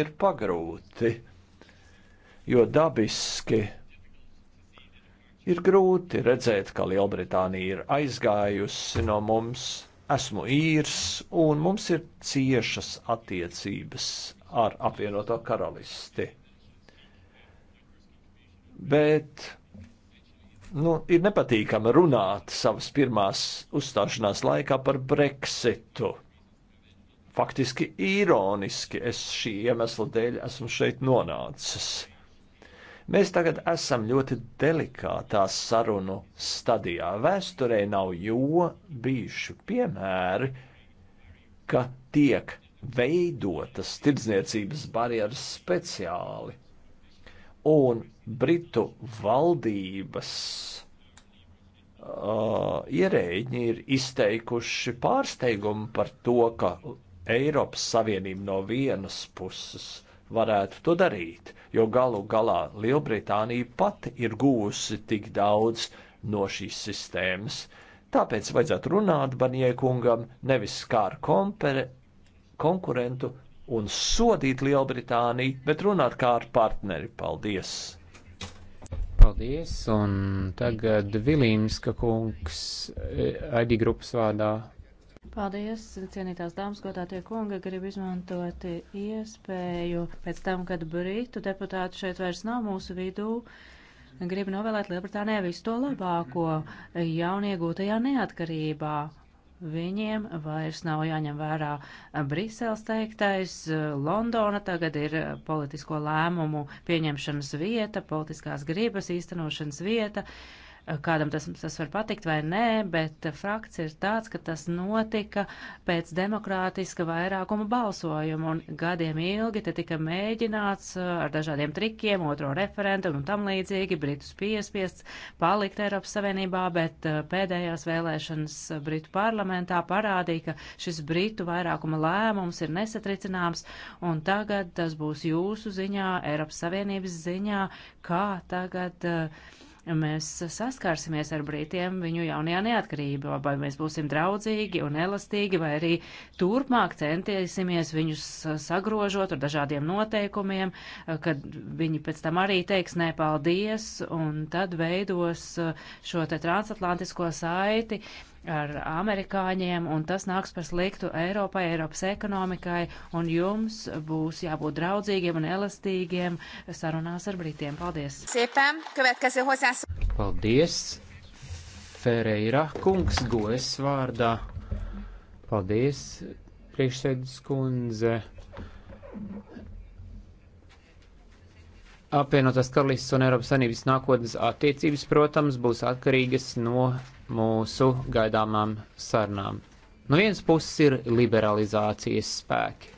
ir pagrūti, jo dabiski ir grūti redzēt, ka Lielbritānija ir aizgājusi no mums. Esmu īrs, un mums ir ciešas attiecības ar apvienoto karalisti. Bet nu, ir nepatīkami runāt savas pirmās uzstāšanās laikā par Brexitu faktiski īroniski es šī iemesla dēļ esmu šeit nonācis. Mēs tagad esam ļoti delikātā sarunu stadijā. Vēsturē nav jo bijuši piemēri, ka tiek veidotas tirdzniecības barjeras speciāli. Un Britu valdības uh, ierēģi ir izteikuši pārsteigumu par to, ka Eiropas Savienība no vienas puses varētu to darīt, jo galu galā Lielbritānija pati ir gūsi tik daudz no šīs sistēmas. Tāpēc vajadzētu runāt Baniekungam nevis kā ar kompere, konkurentu un sodīt Lielbritāniju, bet runāt kā ar partneri. Paldies! Paldies, un tagad Vilīnska kungs eh, ID grupas vārdā Paldies, cienītās dāmas, godātie kungi. Gribu izmantot iespēju pēc tam, kad Britu deputāti šeit vairs nav mūsu vidū. Gribu novēlēt Lielbritānijā visu to labāko jauniegūtajā neatkarībā viņiem vairs nav jāņem vērā Briseles teiktais, Londona tagad ir politisko lēmumu pieņemšanas vieta, politiskās gribas īstenošanas vieta. Uh, Eh, kādam tas, tas var patikt vai nē, bet fakts ir tāds, ka tas notika pēc demokrātiska vairākuma balsojuma un gadiem ilgi te tika mēģināts eh, ar dažādiem trikiem, otro referendumu un tam līdzīgi Britus piespiests palikt Eiropas Savienībā, bet eh, pēdējās vēlēšanas Britu parlamentā parādīja, ka šis Britu vairākuma lēmums ir nesatricināms un tagad tas būs jūsu ziņā, Eiropas Savienības ziņā, kā tagad uh, mēs saskārsimies ar brītiem viņu jaunajā neatkarībā, vai mēs būsim draudzīgi un elastīgi, vai arī turpmāk centīsimies viņus sagrožot ar dažādiem noteikumiem, kad viņi pēc tam arī teiks nepaldies, un tad veidos šo te transatlantisko saiti ar amerikāņiem, un tas nāks par sliktu Eiropai, Eiropas ekonomikai, un jums būs jābūt draudzīgiem un elastīgiem sarunās ar Britiem. Paldies! Paldies! Ferreira kungs gojas vārdā. Paldies, priekšsēdus kundze. Apvienotās karalistas un Eiropas Sanības nākotnes attiecības, protams, būs atkarīgas no mūsu gaidāmām sarunām. No vienas puses ir liberalizācijas spēki,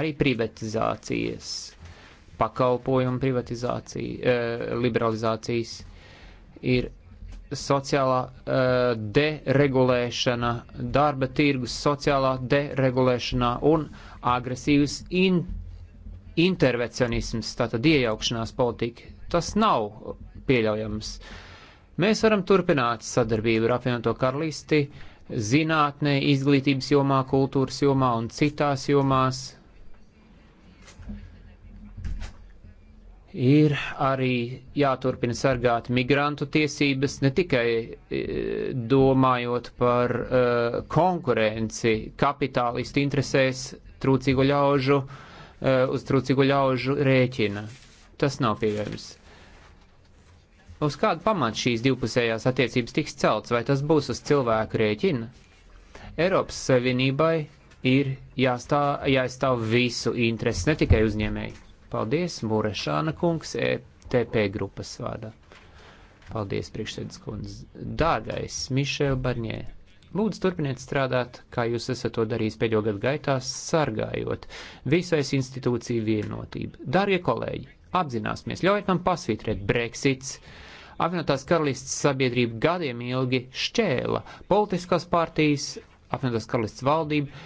arī privatizācijas, pakalpojumu privatizācija, eh, liberalizācijas, ir sociālā uh, deregulēšana, darba tirgus sociālā deregulēšanā un agresīvas in intervencionisms, tātad iejaukšanās politika. Tas nav pieļaujams. Mēs varam turpināt sadarbību ar apvienoto karalisti zinātnē, izglītības jomā, kultūras jomā un citās jomās. Ir arī jāturpina sargāt migrantu tiesības, ne tikai e, domājot par uh, konkurenci kapitālistu interesēs trūcīgo ļaužu uh, Uh, uz trūcīgu ļaužu rēķina. Tas nav pieejams. Uz kādu pamatu šīs divpusējās attiecības tiks celts, vai tas būs uz cilvēku rēķina? Eiropas Savienībai ir jāstā, jāizstāv visu intereses, ne tikai uzņēmēji. Paldies, Mūrešāna kungs, ETP grupas vārdā. Paldies, priekšsēdus kundze. Dārgais Mišēl Barņē. Lūdzu, turpiniet strādāt, kā jūs esat to darījis pēdējo gadu gaitā, sargājot visais institūciju vienotību. Darbie kolēģi, apzināsimies, ļaujiet man pasvītrēt Brexits. Apvienotās karalists sabiedrība gadiem ilgi šķēla politiskās partijas, apvienotās karalists valdību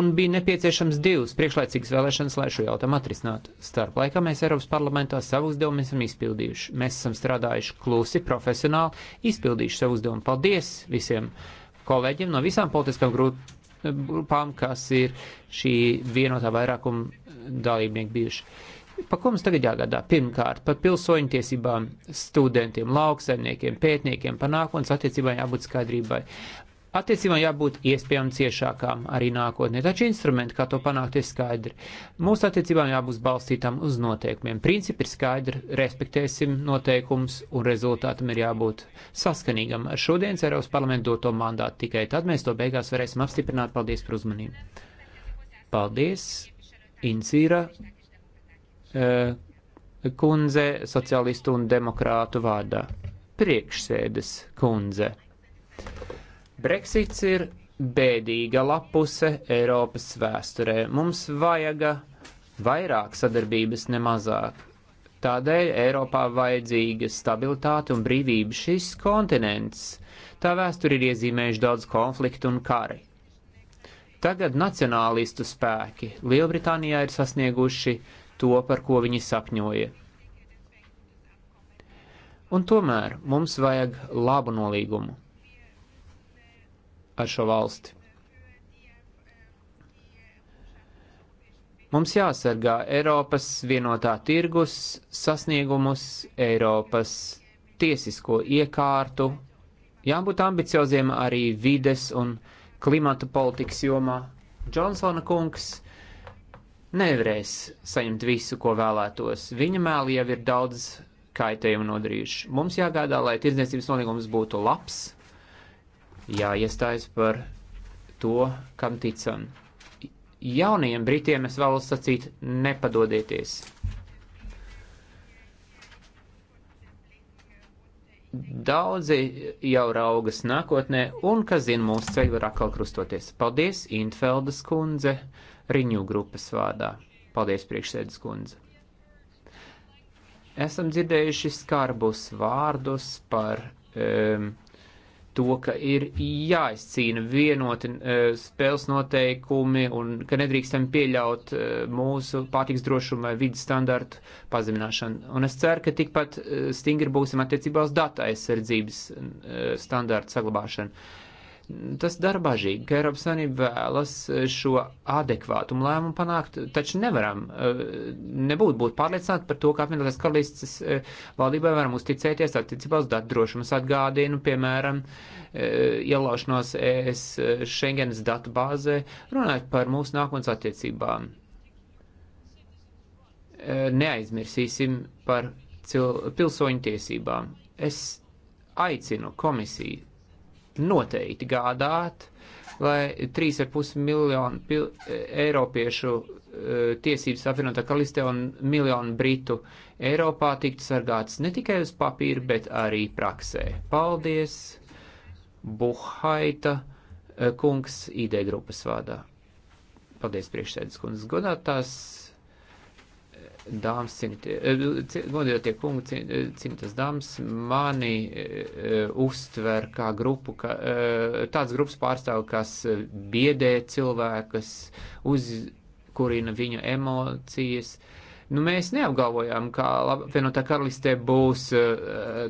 un bija nepieciešams divas priekšlaicīgas vēlēšanas, lai šo jautājumu atrisinātu. Starp laikā mēs Eiropas parlamentā savu uzdevumu esam izpildījuši. Mēs esam strādājuši klusi, profesionāli, izpildījuši savu uzdevumu. Paldies visiem kolēģiem no visām politiskām grupām, kas ir šī vienotā vairākuma dalībnieki bijuši. Pa ko mums tagad jāgādā? Pirmkārt, par pilsoņu tiesībām, studentiem, lauksaimniekiem, pētniekiem, par nākotnes attiecībām jābūt skaidrībai. Attiecībām jābūt iespējami ciešākām arī nākotnē, taču instrumenti, kā to panākt, ir skaidri. Mūsu attiecībām jābūt balstītām uz noteikumiem. Principi ir skaidri, respektēsim noteikumus un rezultātam ir jābūt saskanīgam ar šodienas Eiropas parlamentu doto mandātu. Tikai tad mēs to beigās varēsim apstiprināt. Paldies par uzmanību. Paldies, Incīra eh, kundze, sociālistu un demokrātu vārdā. Priekšsēdes kundze. Brexits ir bēdīga lapuse Eiropas vēsturē. Mums vajaga vairāk sadarbības, nemazāk. Tādēļ Eiropā vajadzīga stabilitāte un brīvība šis kontinents. Tā vēsture ir iezīmējuši daudz konfliktu un kari. Tagad nacionālistu spēki Lielbritānijā ir sasnieguši to, par ko viņi sapņoja. Un tomēr mums vajag labu nolīgumu ar šo valsti. Mums jāsargā Eiropas vienotā tirgus sasniegumus, Eiropas tiesisko iekārtu, jābūt ambicioziem arī vides un klimata politikas jomā. Džonsona kungs nevarēs saņemt visu, ko vēlētos. Viņa mēlī jau ir daudz kaitējumu nodarījuši. Mums jāgādā, lai tirdzniecības nolīgums būtu labs, jāiestājas par to, kam ticam. Jaunajiem Britiem es vēlos sacīt, nepadodieties. Daudzi jau raugas nākotnē, un, kas zina, mūsu ceļi var atkal krustoties. Paldies, Intfeldas kundze, Riņu grupas vārdā. Paldies, priekšsēdas kundze. Esam dzirdējuši skarbus vārdus par um, to, ka ir jāizcīna vienoti e, spēles noteikumi un ka nedrīkstam pieļaut e, mūsu pārtiks drošuma vidas standartu pazemināšanu. Un es ceru, ka tikpat e, stingri būsim attiecībā uz data aizsardzības standartu saglabāšanu tas darbažīgi, ka Eiropas Savienība vēlas e, šo adekvātumu lēmumu panākt, taču nevaram e, nebūt būt pārliecināti par to, ka apvienotās karalistas e, valdībai varam uzticēties attiecībā uz datu drošumas atgādienu, piemēram, ielaušanos ES Schengenas datu bāzē, runājot par mūsu nākotnes attiecībām. Neaizmirsīsim par pilsoņu tiesībām. Es aicinu komisiju noteikti gādāt, lai 3,5 miljonu pil, e, eiropiešu e, tiesības apvienotā kalistē un miljonu britu Eiropā tiktu sargāts ne tikai uz papīra, bet arī praksē. Paldies, Buhaita e, kungs, ID grupas vādā. Paldies, priekšsēdus kundzes godātās dāmas cimti, godījotie eh, kungi eh, cimtas dāmas mani eh, uztver kā grupu, kā, tāds grupas pārstāv, kas biedē cilvēkus, uzkurina viņu emocijas. Nu, mēs neapgalvojām, ka apvienotā karalistē būs uh,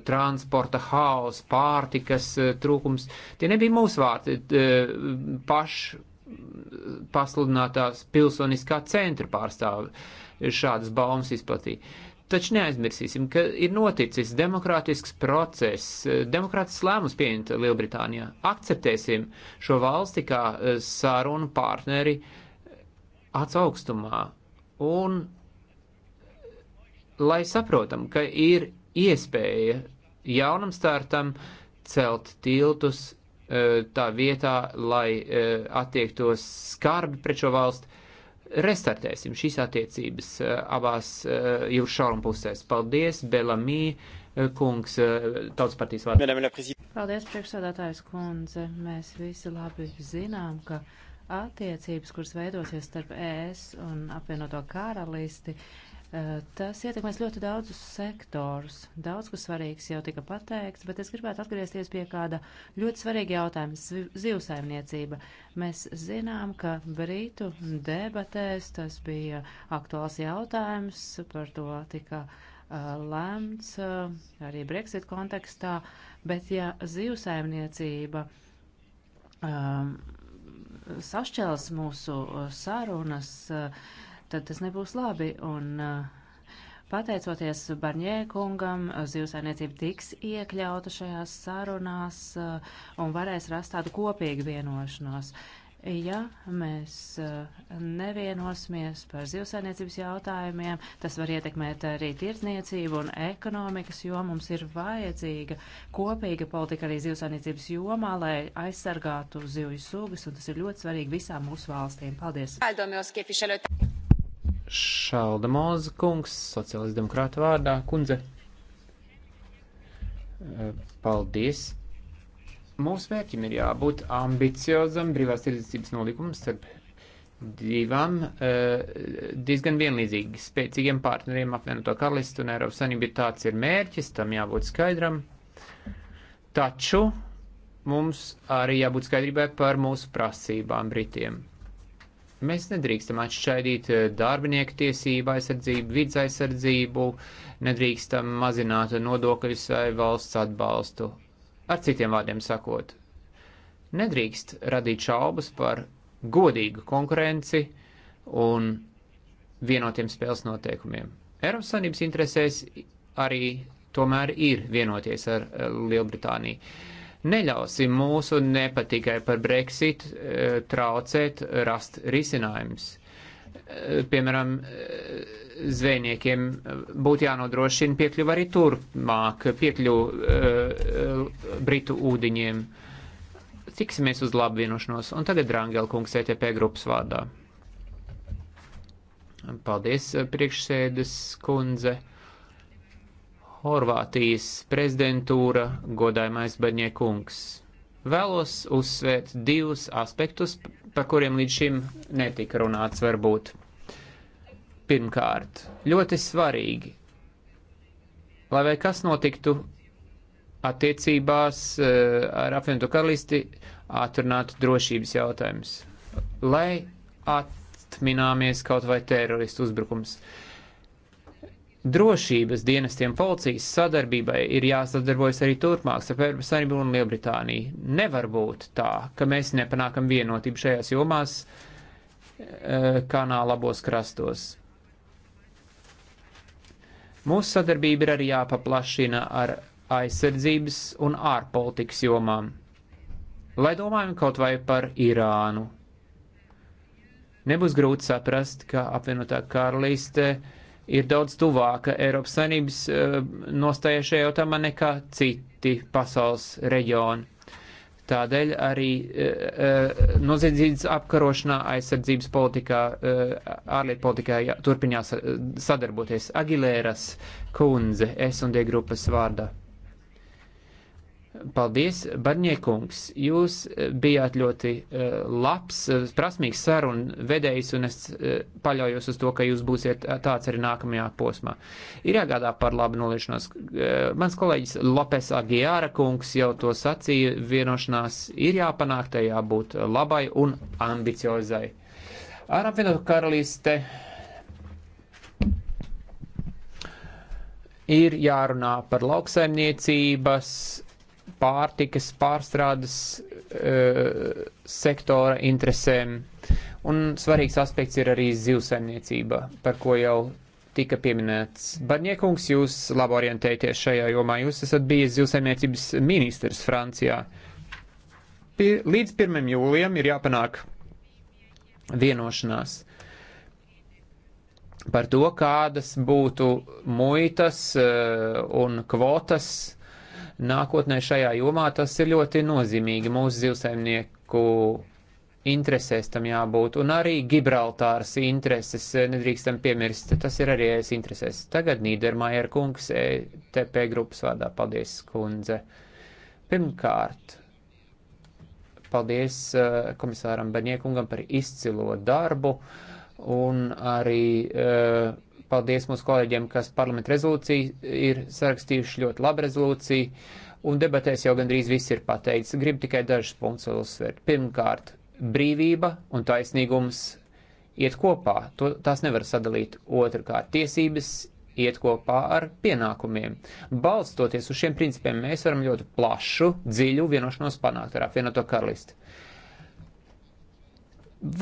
transporta haoss, pārtikas uh, trūkums. Tie nebija mūsu vārti. Uh, paš pasludinātās pilsoniskā centra pārstāvi. Uh, šādas baumas izplatīja. Taču neaizmirsīsim, ka ir noticis demokrātisks process, demokrātisks lēmums pieņemta Lielbritānijā. Akceptēsim šo valsti kā eh, sarunu partneri atsaugstumā un lai saprotam, ka ir iespēja jaunam startam celt tiltus eh, tā vietā, lai eh, attiektos skarbi pret šo valstu restartēsim šīs attiecības eh, abās eh, jūras šauruma pusēs. Paldies, Belamī, eh, kungs, tautas partijas vārdā. Paldies, priekšsādātājs kundze. Mēs visi labi zinām, ka attiecības, kuras veidosies starp ES un apvienoto karalisti, uh, Eh, tas ietekmēs ļoti daudzus sektorus. Daudz, kas svarīgs jau tika pateikts, bet es gribētu atgriezties pie kāda ļoti svarīga jautājuma - zivsaimniecība. Mēs zinām, ka Brītu debatēs tas bija aktuāls jautājums, par to tika uh, eh, lēmts uh, eh, arī Brexit kontekstā, bet ja zivsaimniecība. Um, sašķels mūsu sarunas. Uh, tad tas nebūs labi. Un, uh, pateicoties Barņē kungam, uh, zivsainiecība tiks iekļauta šajās sarunās uh, un varēs rast tādu kopīgu vienošanos. Ja mēs nevienosimies par zivsainiecības jautājumiem, tas var ietekmēt arī tirdzniecību un ekonomikas, jo mums ir vajadzīga kopīga politika arī zivsainiecības jomā, lai aizsargātu zivju sugas, un tas ir ļoti svarīgi visām mūsu valstīm. Paldies! Šalda Moza kungs, sociālistdemokrāta vārdā, kundze. Eh, paldies! Mūsu mērķim ir jābūt ambiciozam brīvās tirdzniecības nolikums starp divām eh, diezgan vienlīdzīgi spēcīgiem partneriem apvienoto karalistu un Eiropas Sanību. Tāds ir mērķis, tam jābūt skaidram. Taču mums arī jābūt skaidrībai par mūsu prasībām Britiem. Mēs nedrīkstam atšķaidīt eh, darbinieku tiesību aizsardzību, vidz aizsardzību, nedrīkstam mazināt nodokļus vai valsts atbalstu. Ar citiem vārdiem sakot, nedrīkst radīt šaubas par godīgu konkurenci un vienotiem spēles noteikumiem. Eiropas Savienības interesēs arī tomēr ir vienoties ar eh, Lielbritāniju. Neļausim mūsu nepatīkai par Brexit eh, traucēt rast risinājums. Eh, piemēram, eh, zvejniekiem būtu jānodrošina piekļuva arī turpmāk, piekļuva Britu ūdiņiem. Tiksimies uz labu vienošanos. Un tagad Rāngela kungs ETP grupas vārdā. Paldies, priekšsēdes kundze. Horvātijas prezidentūra, godājumais Baņiekungs. Vēlos uzsvērt divus aspektus, par kuriem līdz šim netika runāts varbūt. Pirmkārt, ļoti svarīgi, lai vai kas notiktu attiecībās eh, ar apvienoto karalisti, atrunātu drošības jautājumus, lai atmināmies kaut vai teroristu uzbrukums. Uh, drošības dienestiem policijas sadarbībai ir jāsadarbojas arī turpmāk ar Eiropas Savienību un Lielbritāniju. Nevar būt tā, ka mēs nepanākam vienotību šajās jomās, eh, kā nā labos krastos. Mūsu sadarbība ir arī jāpaplašina ar aizsardzības un ārpolitikas jomām. Lai domājam kaut vai par Irānu. Nebūs grūti saprast, ka apvienotā karaliste uh, ir daudz tuvāka Eiropas Savienības eh, nostāja šajā jautājumā nekā citi pasaules reģioni. Tādēļ arī eh, eh, noziedzības apkarošanā, aizsardzības politikā, ārlietu politikā jā, turpinās sadarboties Agilēras kundze S&D grupas vārdā. Paldies, Barņiekungs. Jūs eh, bijāt ļoti uh, labs, eh, prasmīgs sarunu vedējs, un es uh, paļaujos uz to, ka jūs būsiet tāds arī nākamajā posmā. Ir jāgādā par labu noliešanos. Uh, mans kolēģis Lopes Agiāra kungs jau to sacīja, vienošanās ir jāpanāk, tai jābūt labai un ambiciozai. Ar apvienotu karaliste ir jārunā par lauksaimniecības pārtikas pārstrādes uh, sektora interesēm. Un svarīgs aspekts ir arī zivsaimniecība, par ko jau tika pieminēts. Barņiekungs, jūs labi orientēties šajā jomā. Jūs esat bijis zivsaimniecības ministrs Francijā. Līdz 1. jūlijam ir jāpanāk vienošanās par to, kādas būtu muitas e, un kvotas nākotnē šajā jomā, tas ir ļoti nozīmīgi mūsu zivsaimnieku interesēs tam jābūt, un arī Gibraltāras intereses nedrīkstam piemirst, tas ir arī es interesēs. Tagad Nīdermājer kungs e TP grupas vārdā, paldies, kundze. Pirmkārt, paldies uh, komisāram Barniekungam par izcilo darbu un arī uh, Paldies mūsu kolēģiem, kas parlamentu rezolūciju ir sarakstījuši ļoti labu rezolūciju, un debatēs jau gandrīz viss ir pateicis. Gribu tikai dažus punktus vēl uzsvērt. Pirmkārt, brīvība un taisnīgums iet kopā, to, tās nevar sadalīt. Otrkārt, tiesības iet kopā ar pienākumiem. Balstoties uz šiem principiem, mēs varam ļoti plašu, dziļu vienošanos panākt ar apvienoto karalisti.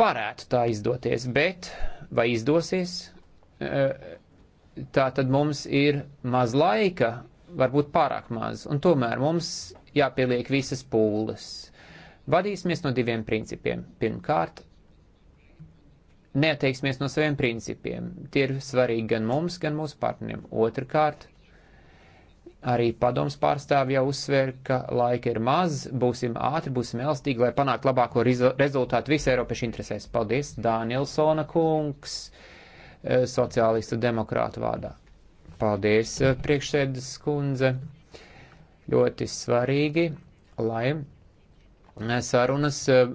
Varētu tā izdoties, bet vai izdosies, Eh, tā tad mums ir maz laika, varbūt pārāk maz, un tomēr mums jāpieliek visas pūles. Vadīsimies no diviem principiem. Pirmkārt, neatteiksimies no saviem principiem. Tie ir svarīgi gan mums, gan mūsu partneriem. Otrakārt, arī padoms pārstāvja jau uzsver, ka laika ir maz, būsim ātri, būsim elastīgi, lai panāktu labāko rezultātu visu Eiropas interesēs. Paldies, Dānilsona kungs! Eh, sociālistu demokrātu vārdā. Paldies, eh, priekšsēdas kundze. Ļoti svarīgi, lai eh, sarunas uh,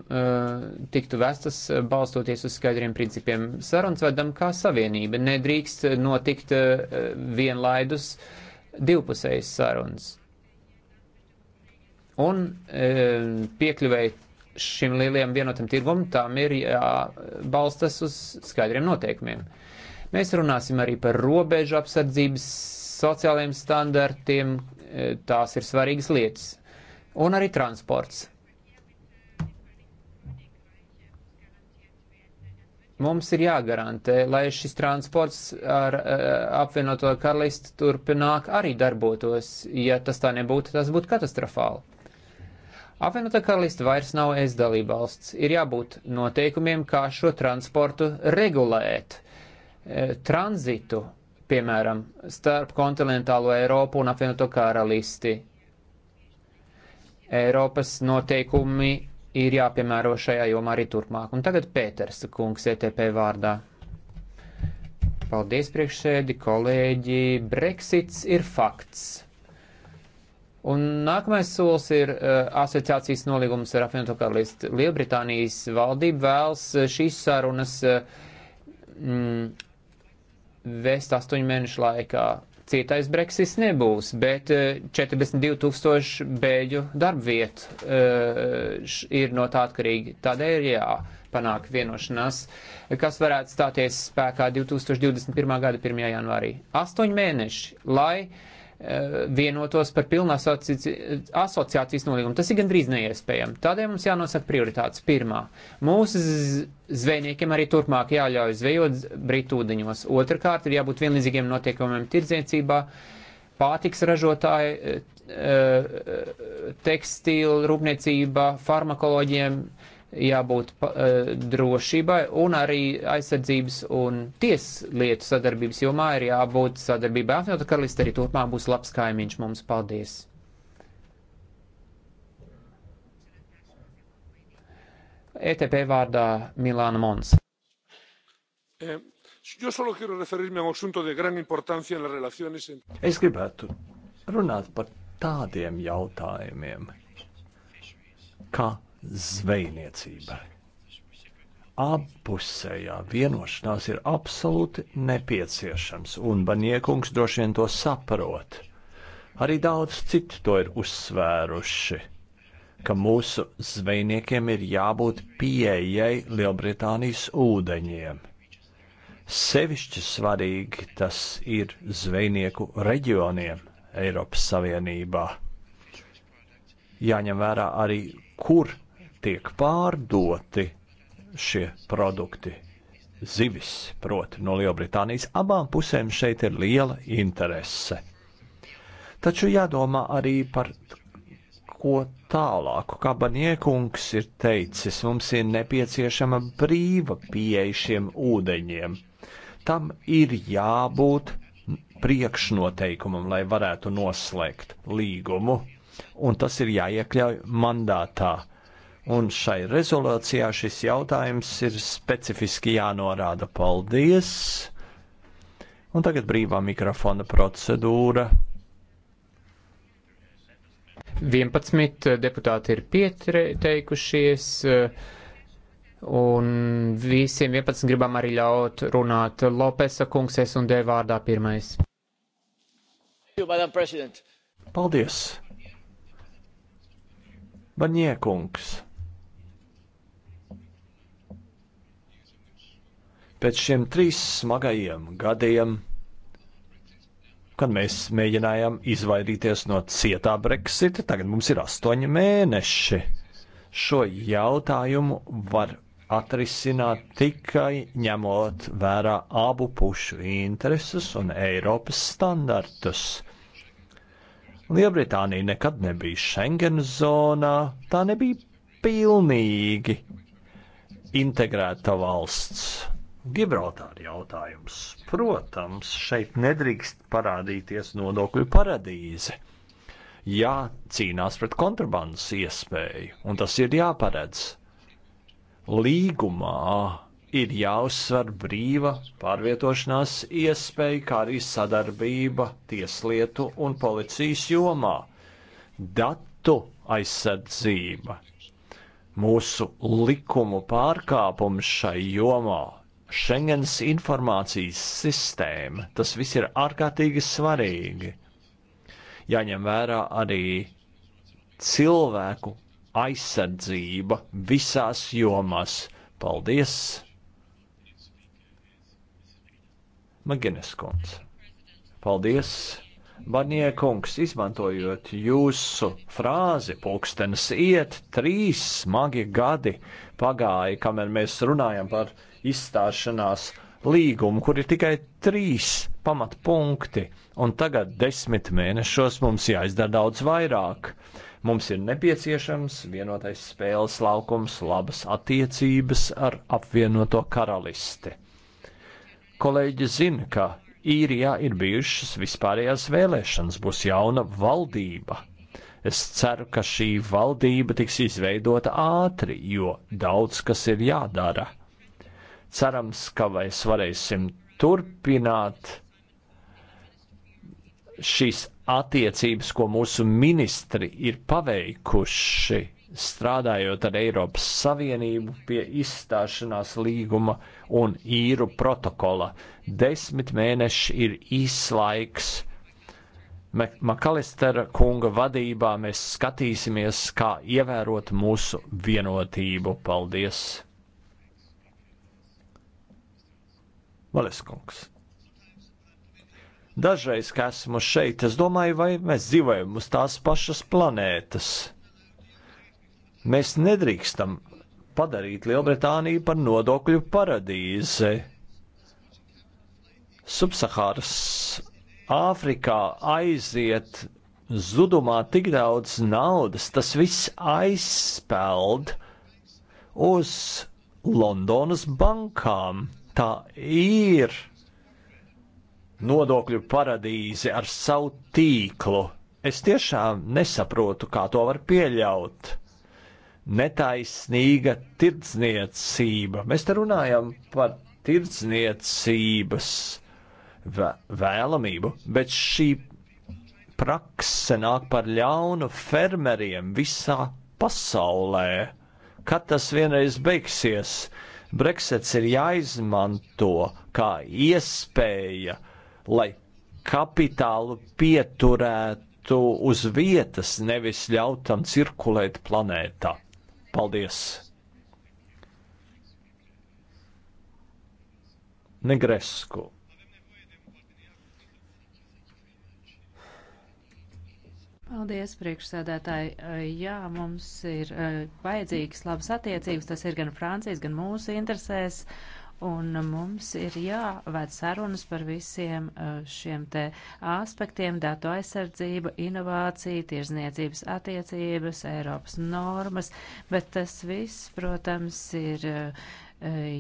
tiktu vestas balstoties uz skaidriem principiem. Sarunas vedam kā savienība. Nedrīkst notikt uh, vienlaidus divpusējas sarunas. Un uh, piekļuvēji šim lielajam vienotam tirgum, tam ir jābalstas uz skaidriem noteikumiem. Uh, Mēs runāsim arī par robežu apsardzības sociālajiem standartiem, e, tās ir svarīgas lietas. Un arī transports. Mums ir jāgarantē, lai šis transports ar e, apvienoto karalisti turpināk arī darbotos. Ja tas tā nebūtu, tas būtu katastrofāli. Apvienotā karalista vairs nav es dalībvalsts. Ir jābūt noteikumiem, kā šo transportu regulēt. E, tranzitu, piemēram, starp kontinentālo Eiropu un apvienoto karalisti. Eiropas noteikumi ir jāpiemēro šajā jomā arī turpmāk. Un tagad Pēters kungs ETP vārdā. Paldies priekšsēdi, kolēģi. Brexits ir fakts. Un nākamais solis ir uh, asociācijas nolīgums ar apvienoto karalisti. Lielbritānijas valdība vēlas šīs sarunas uh, mm, vēst astoņu mēnešu laikā. Cietais Brexits nebūs, bet 42 eh, tūkstoši bēļu darbvietu uh, eh, ir no tā atkarīgi. Tādēļ ir jāpanāk vienošanās, kas varētu stāties spēkā 2021. gada 1. janvārī. Astoņi mēneši, lai uh, Eh, vienotos par pilnu asociācijas nolīgumu. Tas ir gandrīz neiespējami. Tādēļ mums jānosaka prioritātes. Pirmā, mūsu zvejniekiem arī turpmāk jāļauj zvejot brītūdeņos. Otrakārt, ir jābūt vienlīdzīgiem notiekumiem tirdzniecībā, pārtiks ražotāji, eh, eh, tekstīla, rūpniecība, farmakoloģiem, uh, jābūt eh, drošībai un arī aizsardzības un tieslietu sadarbības jomā ir jābūt sadarbībai. Apvienotā karaliste arī turpmāk būs labs kaimiņš mums. Paldies! ETP vārdā Milāna Mons. Eh, es gribētu runāt par tādiem jautājumiem, kā zvejniecībai. Abpusējā vienošanās ir absolūti nepieciešams, un Baniekungs droši vien to saprot. Arī daudz citu to ir uzsvēruši, ka mūsu zvejniekiem ir jābūt pieejai Lielbritānijas ūdeņiem. Sevišķi svarīgi tas ir zvejnieku reģioniem Eiropas Savienībā. Jāņem vērā arī, kur tiek pārdoti šie produkti. Zivis, proti, no Lielbritānijas abām pusēm šeit ir liela interese. Taču jādomā arī par ko tālāku. Kā Banjēkungs ir teicis, mums ir nepieciešama brīva pieeja šiem ūdeņiem. Tam ir jābūt priekšnoteikumam, lai varētu noslēgt līgumu, un tas ir jāiekļauj mandātā. Un šai rezolācijā šis jautājums ir specifiski jānorāda. Paldies! Un tagad brīvā mikrofona procedūra. 11 deputāti ir pieteikušies, un visiem 11 gribam arī ļaut runāt. Lopesa kungs, es un D vārdā pirmais. Paldies! Baņiekungs! Pēc šiem trīs smagajiem gadiem, kad mēs mēģinājām izvairīties no cietā Brexita, tagad mums ir astoņi mēneši. Šo jautājumu var atrisināt tikai ņemot vērā abu pušu intereses un Eiropas standartus. Lielbritānija nekad nebija Schengen zonā, tā nebija pilnīgi integrēta valsts. Gibraltāra jautājums. Protams, šeit nedrīkst parādīties nodokļu paradīze. Jācīnās pret kontrabandas iespēju, un tas ir jāparedz. Līgumā ir jāuzsver brīva pārvietošanās iespēja, kā arī sadarbība tieslietu un policijas jomā, datu aizsardzība. Mūsu likumu pārkāpums šai jomā Schengens informācijas sistēma. Tas viss ir ārkārtīgi svarīgi. Jāņem vērā arī cilvēku aizsardzība visās jomās. Paldies! Magines kundze. Paldies! Barniekungs, izmantojot jūsu frāzi, pulkstenis iet, trīs smagi gadi pagāja, kamēr mēs runājam par izstāšanās līgumu, kur ir tikai trīs pamatpunkti, un tagad desmit mēnešos mums jāizdara daudz vairāk. Mums ir nepieciešams vienotais spēles laukums, labas attiecības ar apvienoto karalisti. Kolēģi zina, ka īrijā ir bijušas vispārējās vēlēšanas, būs jauna valdība. Es ceru, ka šī valdība tiks izveidota ātri, jo daudz kas ir jādara Cerams, ka mēs varēsim turpināt šīs attiecības, ko mūsu ministri ir paveikuši, strādājot ar Eiropas Savienību pie izstāšanās līguma un īru protokola. Desmit mēneši ir īss laiks. Makalistera kunga vadībā mēs skatīsimies, kā ievērot mūsu vienotību. Paldies! Valeskungs. Dažreiz, kad esmu šeit, es domāju, vai mēs dzīvojam uz tās pašas planētas. Mēs nedrīkstam padarīt Lielbritāniju par nodokļu paradīzi. Subsahāras Āfrikā aiziet zudumā tik daudz naudas, tas viss aizspeld uz Londonas bankām tā ir nodokļu paradīze ar savu tīklu. Es tiešām nesaprotu, kā to var pieļaut. Netaisnīga tirdzniecība. Mēs te runājam par tirdzniecības vēlamību, bet šī prakse nāk par ļaunu fermeriem visā pasaulē. Kad tas vienreiz beigsies, uh, Brexits ir jāizmanto kā iespēja, lai kapitālu pieturētu uz vietas, nevis ļautam cirkulēt planētā. Paldies! Negresku Paldies, priekšsēdētāji. Jā, mums ir vajadzīgas labas attiecības. Tas ir gan Francijas, gan mūsu interesēs. Un mums ir jāvēd sarunas par visiem šiem te aspektiem - datu aizsardzība, inovācija, tirzniecības attiecības, Eiropas normas, bet tas viss, protams, ir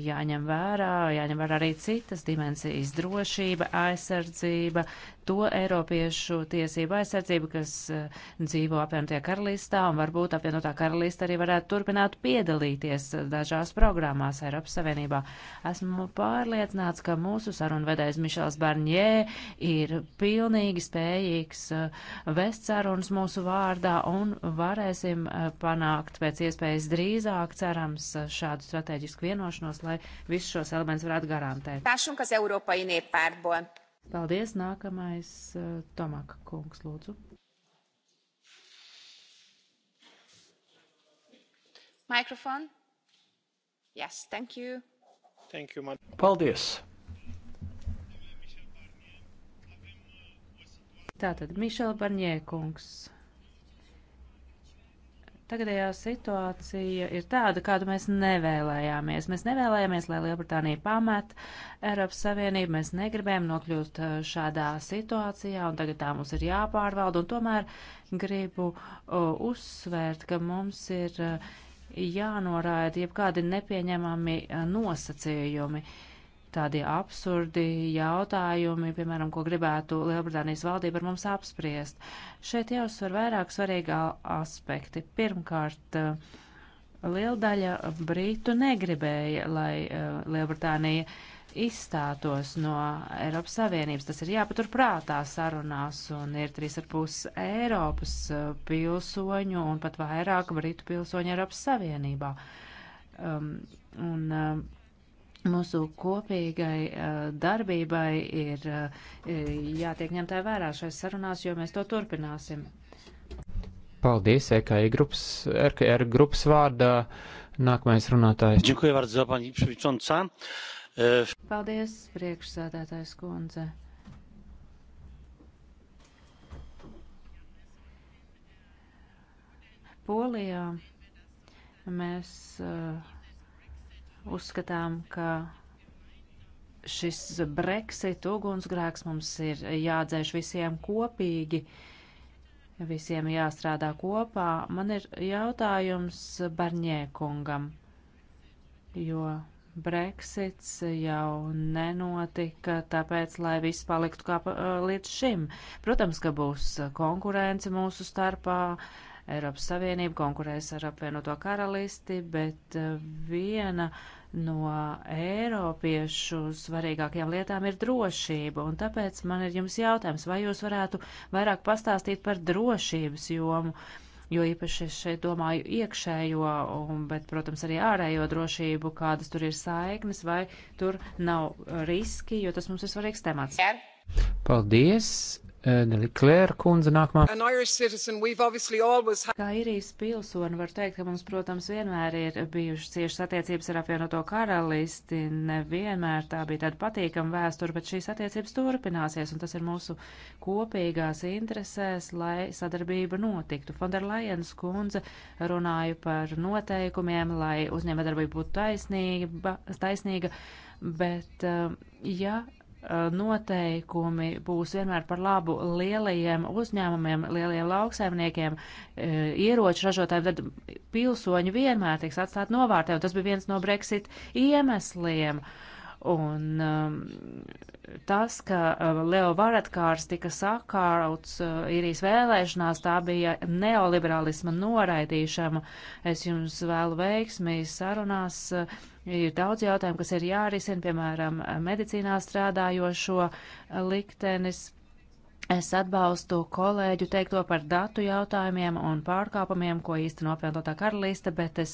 jāņem vērā, jāņem vērā arī citas dimensijas - drošība, aizsardzība, to Eiropiešu tiesību aizsardzību, kas eh, dzīvo apvienotajā karalistā, un varbūt apvienotā karalista arī varētu turpināt piedalīties eh, dažās programmās Eiropas Savienībā. Esmu pārliecināts, ka mūsu sarunvedējs Mišels Barņē ir pilnīgi spējīgs eh, vest sarunas mūsu vārdā, un varēsim panākt pēc iespējas drīzāk, cerams, šādu strateģisku vienošanos, lai visus šos elementus varētu garantēt. Tásunk az Európai Néppártból. Paldies, nākamais eh, Tomaka kungs, lūdzu. Mikrofon. Yes, thank you. Thank you, man. Paldies. Tātad Mišela Barņē kungs. Tagadējā situācija ir tāda, kādu mēs nevēlējāmies. Mēs nevēlējāmies, lai Lielbritānija pamet Eiropas Savienību. Mēs negribējām nokļūt uh, šādā situācijā, un tagad tā mums ir jāpārvalda. Un tomēr gribu uh, uzsvērt, ka mums ir uh, jānoraida jebkādi nepieņemami nosacījumi. Uh, tādi absurdi jautājumi, piemēram, ko gribētu Lielbritānijas valdība ar mums apspriest. Šeit jāuzsver vairāk svarīgi aspekti. Pirmkārt, eh, liela daļa Brītu negribēja, lai eh, Lielbritānija izstātos no Eiropas Savienības. Tas ir jāpatur prātā sarunās, un ir 3,5 Eiropas eh, pilsoņu un pat vairāk Britu pilsoņu Eiropas Savienībā. Um, un um, Mūsu kopīgai uh, darbībai ir uh, jātiek ņemtā vērā šais sarunās, jo mēs to turpināsim. Paldies, EKR grupas, RKR grupas vārdā. Nākamais runātājs. E, Paldies, priekšsādātājs kundze. Polijā mēs. Uh, Uzskatām, ka šis Brexit ugunsgrēks mums ir jādzēš visiem kopīgi, visiem jāstrādā kopā. Man ir jautājums Barņēkungam, jo Brexits jau nenotika, tāpēc, lai viss paliktu kā eh, līdz šim. Protams, ka būs konkurence mūsu starpā, Eiropas Savienība konkurēs ar apvienoto karalisti, bet eh, viena no Eiropiešu svarīgākajām lietām ir drošība, un tāpēc man ir jums jautājums, vai jūs varētu vairāk pastāstīt par drošības jomu, jo īpaši es šeit domāju iekšējo, un, bet, protams, arī ārējo drošību, kādas tur ir saiknes, vai tur nav riski, jo tas mums ir svarīgs temats. Paldies! Deliklēra kundze nākamā. Kā īrijas pilsoni var teikt, ka mums, protams, vienmēr ir bijušas ciešas attiecības ar apvienoto karalisti. Nevienmēr tā bija tāda patīkama vēsture, bet šīs attiecības turpināsies, un tas ir mūsu kopīgās interesēs, lai sadarbība notiktu. Fonderlajens kundze runāja par noteikumiem, lai uzņēmējdarbība būtu taisnīga, taisnīga, bet um, ja Eh, noteikumi būs vienmēr par labu lielajiem uzņēmumiem, lielajiem lauksaimniekiem, eh, ieroču ražotājiem, tad pilsoņi vienmēr tiks atstāt novārtē, un tas bija viens no Brexit iemesliem. Uh, Un um, tas, ka um, Leo Varadkārs tika sakārauts uh, īrijas vēlēšanās, tā bija neoliberālisma noraidīšana. Es jums vēlu veiksmi sarunās. Uh, ir daudz jautājumu, kas ir jārisina, piemēram, medicīnā strādājošo liktenis, Es atbalstu kolēģu teikto par datu jautājumiem un pārkāpumiem, ko īsteno apvienotā karaliste, bet es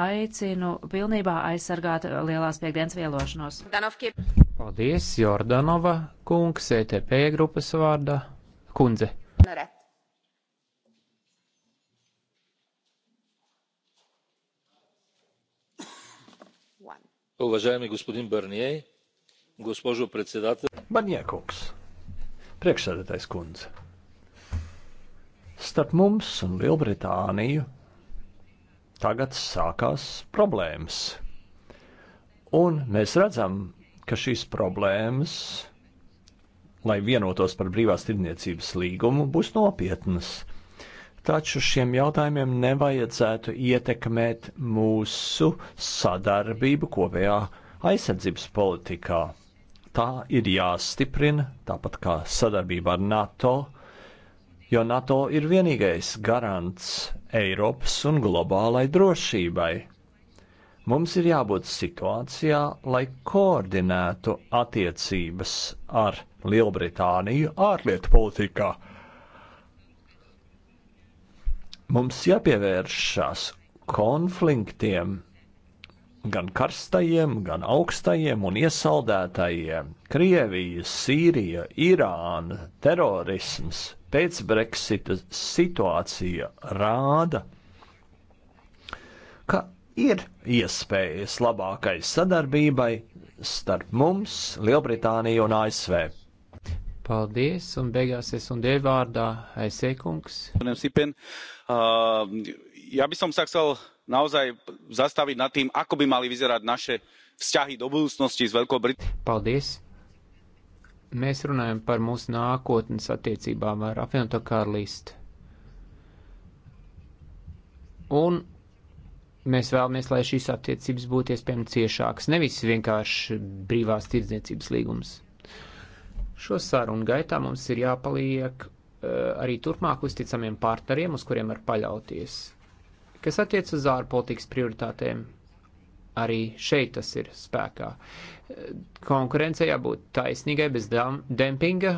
aicinu pilnībā aizsargāt lielās piekdienas vielošanos. Paldies, Jordanova kungs, ETP grupas vārda kundze. Уважаеми господин Барние, госпожо председател. Барние Кокс. Priekšsēdētais kundze. Starp mums un Lielbritāniju tagad sākās problēmas. Un mēs redzam, ka šīs problēmas, lai vienotos par brīvās tirdzniecības līgumu, būs nopietnas. Taču šiem jautājumiem nevajadzētu ietekmēt mūsu sadarbību kopējā aizsardzības politikā. Tā ir jāstiprina, tāpat kā sadarbība ar NATO, jo NATO ir vienīgais garants Eiropas un globālai drošībai. Mums ir jābūt situācijā, lai koordinētu attiecības ar Lielbritāniju ārlietu politikā. Mums jāpievēršas konfliktiem gan karstajiem, gan augstajiem un iesaldētajiem. Krievija, Sīrija, Irāna, terorisms, pēcbreksita situācija rāda, ka ir iespējas labākai sadarbībai starp mums, Lielbritāniju un ASV. Paldies, un beigās es un Dievārdā aizsiekungs. Jā, visam sāks vēl naozaj zastaviť nad tým, ako by mali vyzerať naše vzťahy do budúcnosti s Veľkou Britániou. Paldies. Mēs runājam par mūsu nākotnes attiecībām ar apvienoto karalistu. Un mēs vēlamies, lai šīs attiecības būtu iespējami ciešākas, nevis vienkārši brīvās tirdzniecības līgums. Šo sarunu gaitā mums ir jāpaliek uh, arī turpmāk uzticamiem partneriem, uz kuriem var paļauties. Kas attiec uz ārpolitikas prioritātēm, arī šeit tas ir spēkā. Konkurence jābūt taisnīgai, bez dempinga,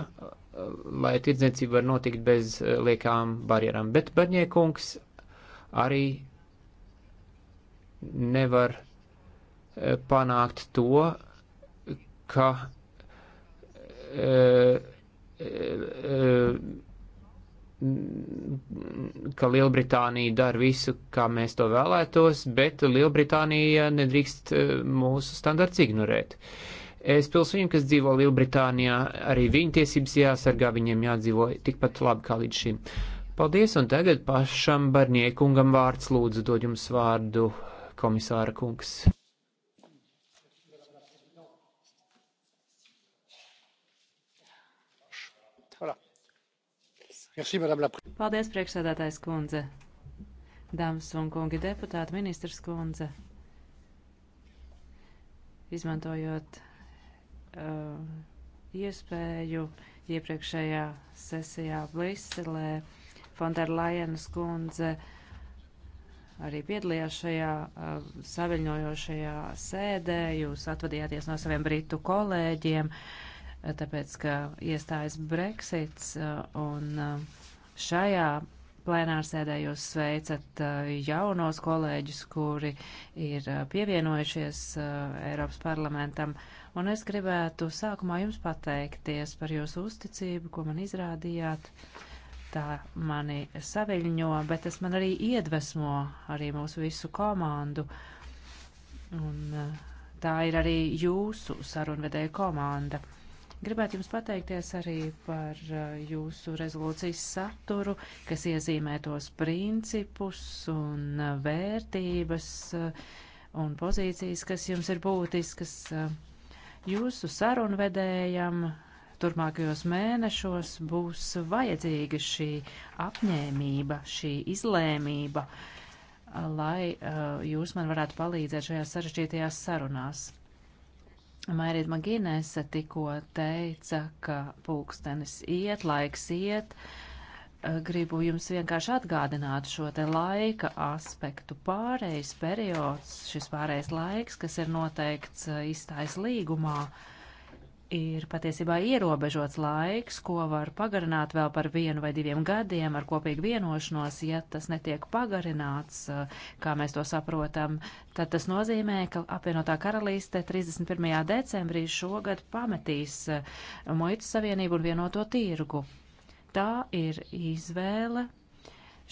lai tirdzniecība var notikt bez eh, liekām barjerām. Bet barņiekungs arī nevar eh, panākt to, ka e, e, e, Mm, ka Lielbritānija dara visu, kā mēs to vēlētos, bet Lielbritānija nedrīkst eh, mūsu standarts ignorēt. Es pilsoņiem, kas dzīvo Lielbritānijā, arī viņu tiesības jāsargā, viņiem jādzīvo tikpat labi kā līdz šim. Paldies, un tagad pašam Barniekungam vārds lūdzu dod jums vārdu, komisāra kungs. Paldies, priekšsēdētājs kundze. Dāmas un kungi deputāti, ministrs kundze. Izmantojot uh, iespēju iepriekšējā sesijā Briselē, Fonderlajenas kundze arī piedalījās šajā uh, saviļņojošajā sēdē. Jūs atvadījāties no saviem britu kolēģiem. Uh, Eh, tāpēc, ka iestājas Brexits eh, un eh, šajā plēnārsēdē jūs sveicat jaunos kolēģus, kuri ir pievienojušies Eiropas parlamentam. Un es gribētu sākumā jums pateikties par jūsu uzticību, ko man izrādījāt. Tā mani saviļņo, bet tas man arī iedvesmo arī mūsu visu komandu. Un tā ir arī jūsu sarunvedēju komanda. Gribētu jums pateikties arī par eh, jūsu rezolūcijas saturu, kas iezīmē tos principus un eh, vērtības eh, un pozīcijas, kas jums ir būtiskas jūsu sarunvedējam turpmākajos mēnešos būs vajadzīga šī apņēmība, šī izlēmība, lai uh, jūs man varētu palīdzēt šajās sarežģītajās sarunās. Mairīt Magīnēsa tikko teica, ka pulkstenis iet, laiks iet. Gribu jums vienkārši atgādināt šo te laika aspektu. Pārējais periods, šis pārējais laiks, kas ir noteikts izstājas līgumā, uh, ir patiesībā ierobežots laiks, ko var pagarināt vēl par vienu vai diviem gadiem ar kopīgu vienošanos. Ja tas netiek pagarināts, eh, kā mēs to saprotam, tad tas nozīmē, ka apvienotā karalīste 31. decembrī šogad pametīs eh, Muitas Savienību un vienoto tirgu. Tā ir izvēle,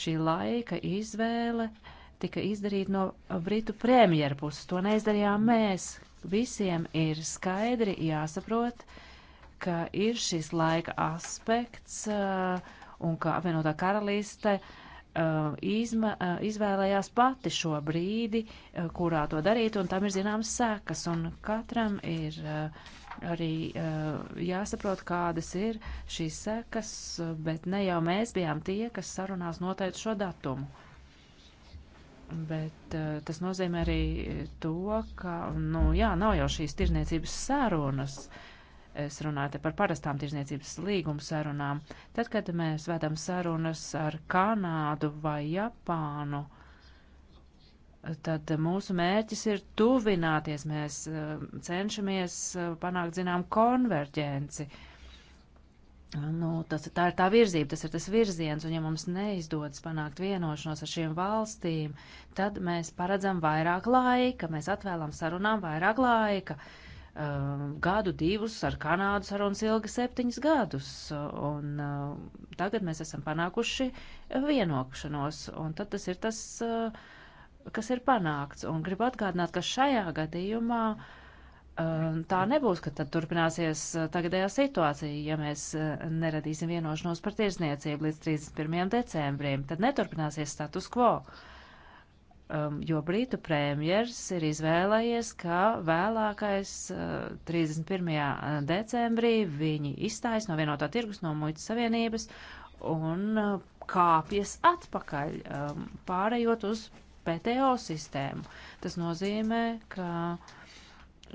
šī laika izvēle tika izdarīta no Britu premjerpuses. To neizdarījām mēs, Visiem ir skaidri jāsaprot, ka ir šis laika aspekts eh, un ka apvienotā karaliste eh, izma, eh, izvēlējās pati šo brīdi, kurā to darīt, un tam ir zināmas sekas, un katram ir arī jāsaprot, kādas ir šīs sekas, bet ne jau mēs bijām tie, kas sarunās noteica šo datumu. Bet uh, tas nozīmē arī to, ka, nu jā, nav jau šīs tirzniecības sarunas. Es runāju te par parastām tirzniecības līgumu sarunām. Tad, kad mēs vedam sarunas ar Kanādu vai Japānu, tad mūsu mērķis ir tuvināties. Mēs uh, cenšamies uh, panākt, zinām, konverģenci. Uh, Nu, tas, tā ir tā virzība, tas ir tas virziens, un ja mums neizdodas panākt vienošanos ar šīm valstīm, tad mēs paredzam vairāk laika, mēs atvēlam sarunām vairāk laika. Uh, gadu divus ar Kanādu sarunas ilga septiņus gadus, un uh, tagad mēs esam panākuši vienokšanos, un tad tas ir tas, uh, kas ir panākts. Un gribu atgādināt, ka šajā gadījumā uh, Ehm, tā nebūs, ka tad turpināsies eh, tagadējā situācija, ja mēs eh, neradīsim vienošanos par tirsniecību līdz 31. decembrim, tad neturpināsies status quo. Um, jo Brītu premjers ir izvēlējies, ka vēlākais uh, eh, 31. decembrī viņi izstājas no vienotā tirgus, no muitas savienības un uh, kāpjas atpakaļ, um, pārējot uz PTO sistēmu. Tas nozīmē, ka uh,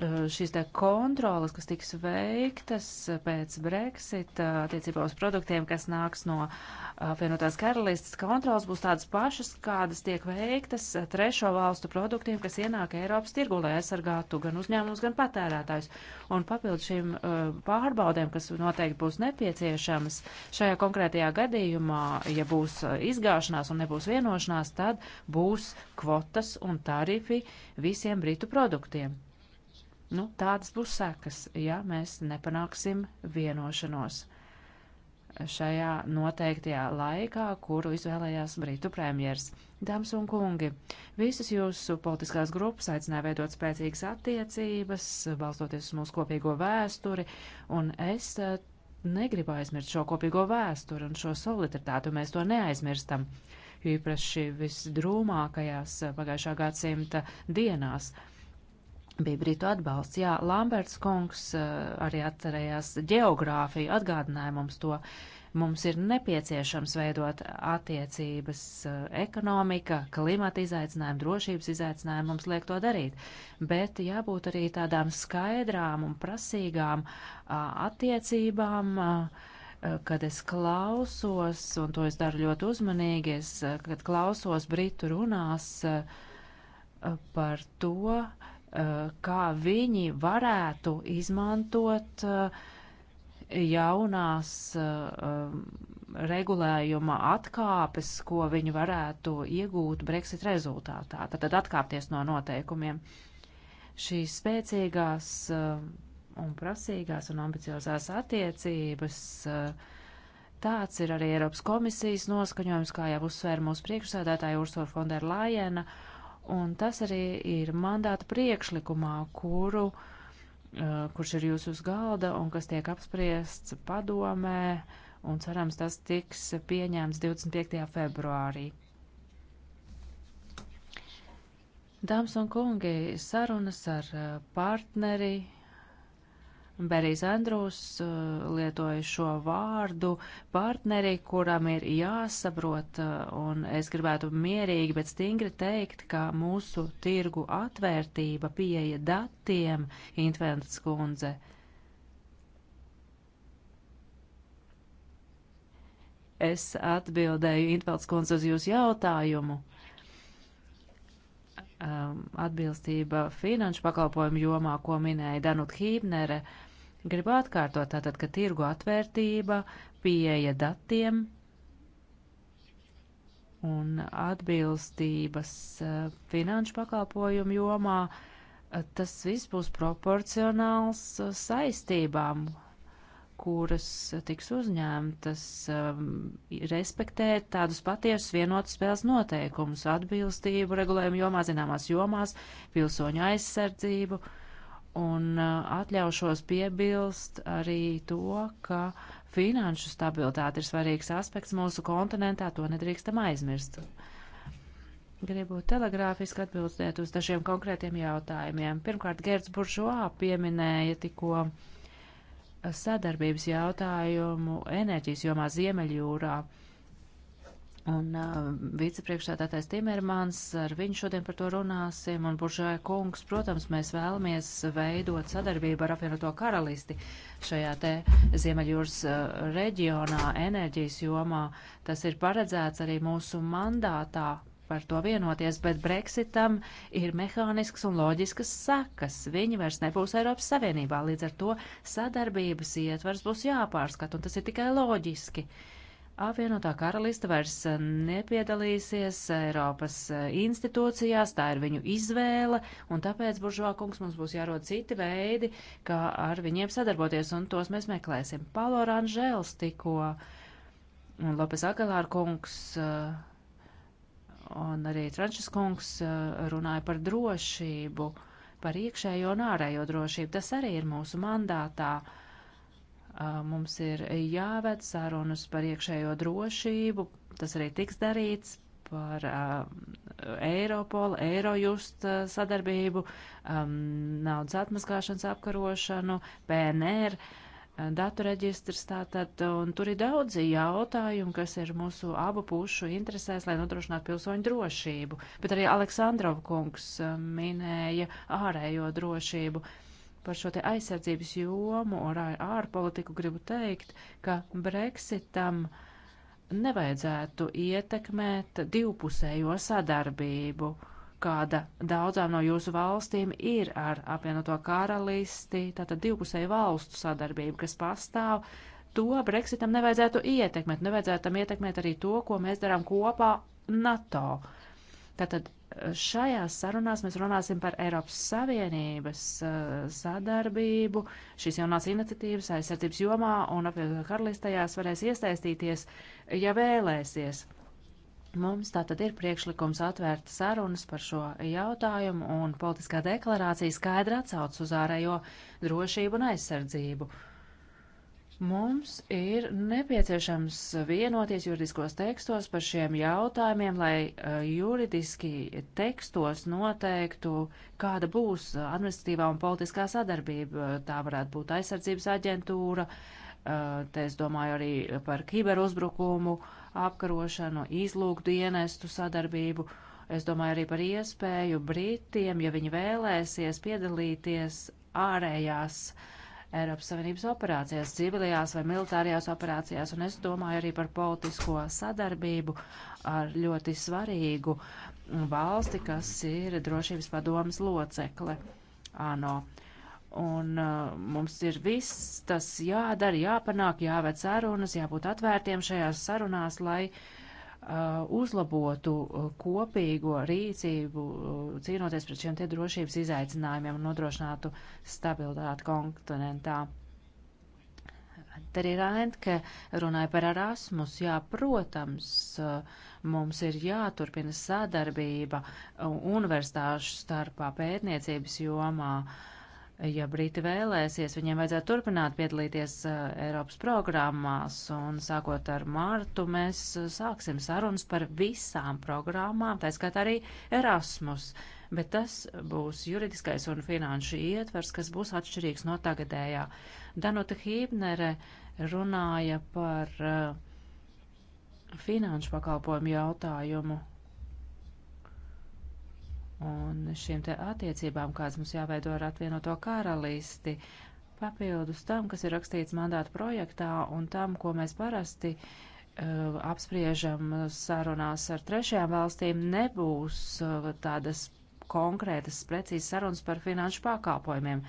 Eh, šīs te kontrolas, kas tiks veiktas pēc Brexita eh, attiecībā uz produktiem, kas nāks no eh, apvienotās karalistas, kontrolas būs tādas pašas, kādas tiek veiktas trešo valstu produktiem, kas ienāk Eiropas tirgu, lai aizsargātu gan uzņēmumus, gan patērētājus. Un papildus šīm pārbaudēm, kas noteikti būs nepieciešamas, šajā konkrētajā gadījumā, ja būs izgāšanās un nebūs vienošanās, tad būs kvotas un tarifi visiem britu produktiem. Nu, tādas būs sekas, ja mēs nepanāksim vienošanos šajā noteiktajā laikā, kuru izvēlējās Britu premjers. Dāmas un kungi, visas jūsu politiskās grupas aicināja veidot spēcīgas attiecības, balstoties uz mūsu kopīgo vēsturi, un es eh, negribu aizmirst šo kopīgo vēsturi un šo solidaritātu, mēs to neaizmirstam, jo īpaši visdrūmākajās pagājušā gadsimta dienās bija Britu atbalsts. Jā, Lamberts kungs eh, arī atcerējās geogrāfiju, atgādināja mums to. Mums ir nepieciešams veidot attiecības eh, ekonomika, klimata izaicinājumi, drošības izaicinājumi, mums liek to darīt, bet jābūt arī tādām skaidrām un prasīgām attiecībām, kad es klausos, un to es daru ļoti uzmanīgi, es, kad klausos Britu runās par to, uh, Eh, kā viņi varētu izmantot eh, jaunās eh, regulējuma atkāpes, ko viņi varētu iegūt Brexit rezultātā, tad atkāpties no noteikumiem. Šīs spēcīgās un prasīgās un ambiciozās attiecības uh, Tāds ir arī Eiropas komisijas noskaņojums, kā jau uzsvēra mūsu priekšsēdētāja Ursula Fonderlajena, un tas arī ir mandāta priekšlikumā, kuru, uh, kurš ir jūsu uz galda un kas tiek apspriests padomē, un cerams, tas tiks pieņemts 25. februārī. Dāmas un kungi, sarunas ar uh, partneri Berijs Andrūs eh, lietoja šo vārdu partneri, kuram ir jāsaprot, eh, un es gribētu mierīgi, bet stingri teikt, ka mūsu tirgu atvērtība pieeja datiem, Intvents kundze. Es atbildēju Intvelds kundze uz jūsu jautājumu um, atbilstība finanšu pakalpojumu jomā, ko minēja Danut Hībnere, gribu atkārtot tātad, ka tirgu atvērtība, pieeja datiem un atbilstības uh, finanšu pakalpojumu jomā, uh, tas viss būs proporcionāls uh, saistībām, kuras tiks uzņemtas, um, respektēt tādus patiesus vienotus spēles noteikumus, atbilstību regulējumu jomā, zināmās jomās, pilsoņu aizsardzību. Un uh, atļaušos piebilst arī to, ka finanšu stabilitāte ir svarīgs aspekts mūsu kontinentā, to nedrīkstam aizmirst. Gribu telegrāfiski atbildēt uz dažiem konkrētiem jautājumiem. Pirmkārt, Gerts Buržoā pieminēja tikko uh, sadarbības jautājumu enerģijas jomā Ziemeļjūrā. Un uh, vicepriekšstādātais Timermans, ar viņu šodien par to runāsim, un Buržāja kungs, protams, mēs vēlamies veidot sadarbību ar apvienoto karalisti šajā te Ziemeļjūras uh, reģionā, enerģijas jomā. Tas ir paredzēts arī mūsu mandātā, par to vienoties, bet Brexitam ir mehānisks un loģiskas sakas. Viņi vairs nebūs Eiropas Savienībā, līdz ar to sadarbības ietvars būs jāpārskat, un tas ir tikai loģiski. Apvienotā karalista vairs nepiedalīsies Eiropas eh, institūcijās, tā ir viņu izvēle, un tāpēc, buržvākungs, mums būs jārod citi veidi, kā ar viņiem sadarboties, un tos mēs meklēsim. Palo Ranžēls tikko. Un Lopes Agalār kungs uh, Un arī Trančes kungs eh, runāja par drošību, par iekšējo un ārējo drošību. Tas arī ir mūsu mandātā. Eh, mums ir jāved sarunas par iekšējo drošību, tas arī tiks darīts par uh, eh, Eiropolu, Eirojust uh, sadarbību, um, naudas atmaskāšanas apkarošanu, PNR. Uh, Eh, datu reģistrs tātad, eh, un tur ir daudzi jautājumi, kas ir mūsu abu pušu interesēs, lai nodrošinātu pilsoņu drošību. Bet arī Aleksandrov kungs eh, minēja ārējo drošību. Par šo te aizsardzības jomu un ārpolitiku gribu teikt, ka Brexitam nevajadzētu ietekmēt divpusējo sadarbību. Uh, kāda daudzām no jūsu valstīm ir ar apvienoto karalisti, tātad divpusēju valstu sadarbību, kas pastāv, to Brexitam nevajadzētu ietekmēt. Nevajadzētu tam ietekmēt arī to, ko mēs darām kopā NATO. Tātad e, šajās sarunās mēs runāsim par Eiropas Savienības e, sadarbību, šīs jaunās iniciatīvas aizsardzības jomā un apvienotā karalistējās varēs iesaistīties, ja vēlēsies. Mums tātad ir priekšlikums atvērt sarunas par šo jautājumu, un politiskā deklarācija skaidri atsauc uz ārējo drošību un aizsardzību. Mums ir nepieciešams vienoties juridiskos tekstos par šiem jautājumiem, lai eh, juridiski tekstos noteiktu, kāda būs eh, administratīvā un politiskā sadarbība. Tā varētu būt aizsardzības aģentūra, uh, Eh, te es domāju arī par kiberuzbrukumu, apkarošanu, izlūku dienestu sadarbību. Es domāju arī par iespēju Britiem, ja viņi vēlēsies piedalīties ārējās Eiropas Savienības operācijās, civilajās vai militārajās operācijās, un es domāju arī par politisko sadarbību ar ļoti svarīgu valsti, kas ir drošības padomas locekle ANO. Uh, Un uh, mums ir viss tas jādara, jāpanāk, jāved sarunas, jābūt atvērtiem šajās sarunās, lai uh, uzlabotu uh, kopīgo rīcību, uh, cīnoties pret šiem te drošības izaicinājumiem un nodrošinātu stabilitāti kontinentā. Arī Rēntke runāja par Erasmus. Jā, protams, uh, mums ir jāturpina sadarbība uh, universitāšu starpā pētniecības jomā. Uh, ja Briti vēlēsies, viņiem vajadzētu turpināt piedalīties uh, Eiropas programmās, un sākot ar mārtu mēs uh, sāksim sarunas par visām programmām, tā skaitā arī Erasmus, bet tas būs juridiskais un finanšu ietvers, kas būs atšķirīgs no tagadējā. Danuta Hībnere runāja par uh, finanšu pakalpojumu jautājumu un šīm te attiecībām, kādas mums jāveido ar apvienoto karalisti, papildus tam, kas ir rakstīts mandāta projektā un tam, ko mēs parasti uh, apspriežam sarunās ar trešajām valstīm, nebūs uh, tādas konkrētas, precīzas sarunas par finanšu pakalpojumiem.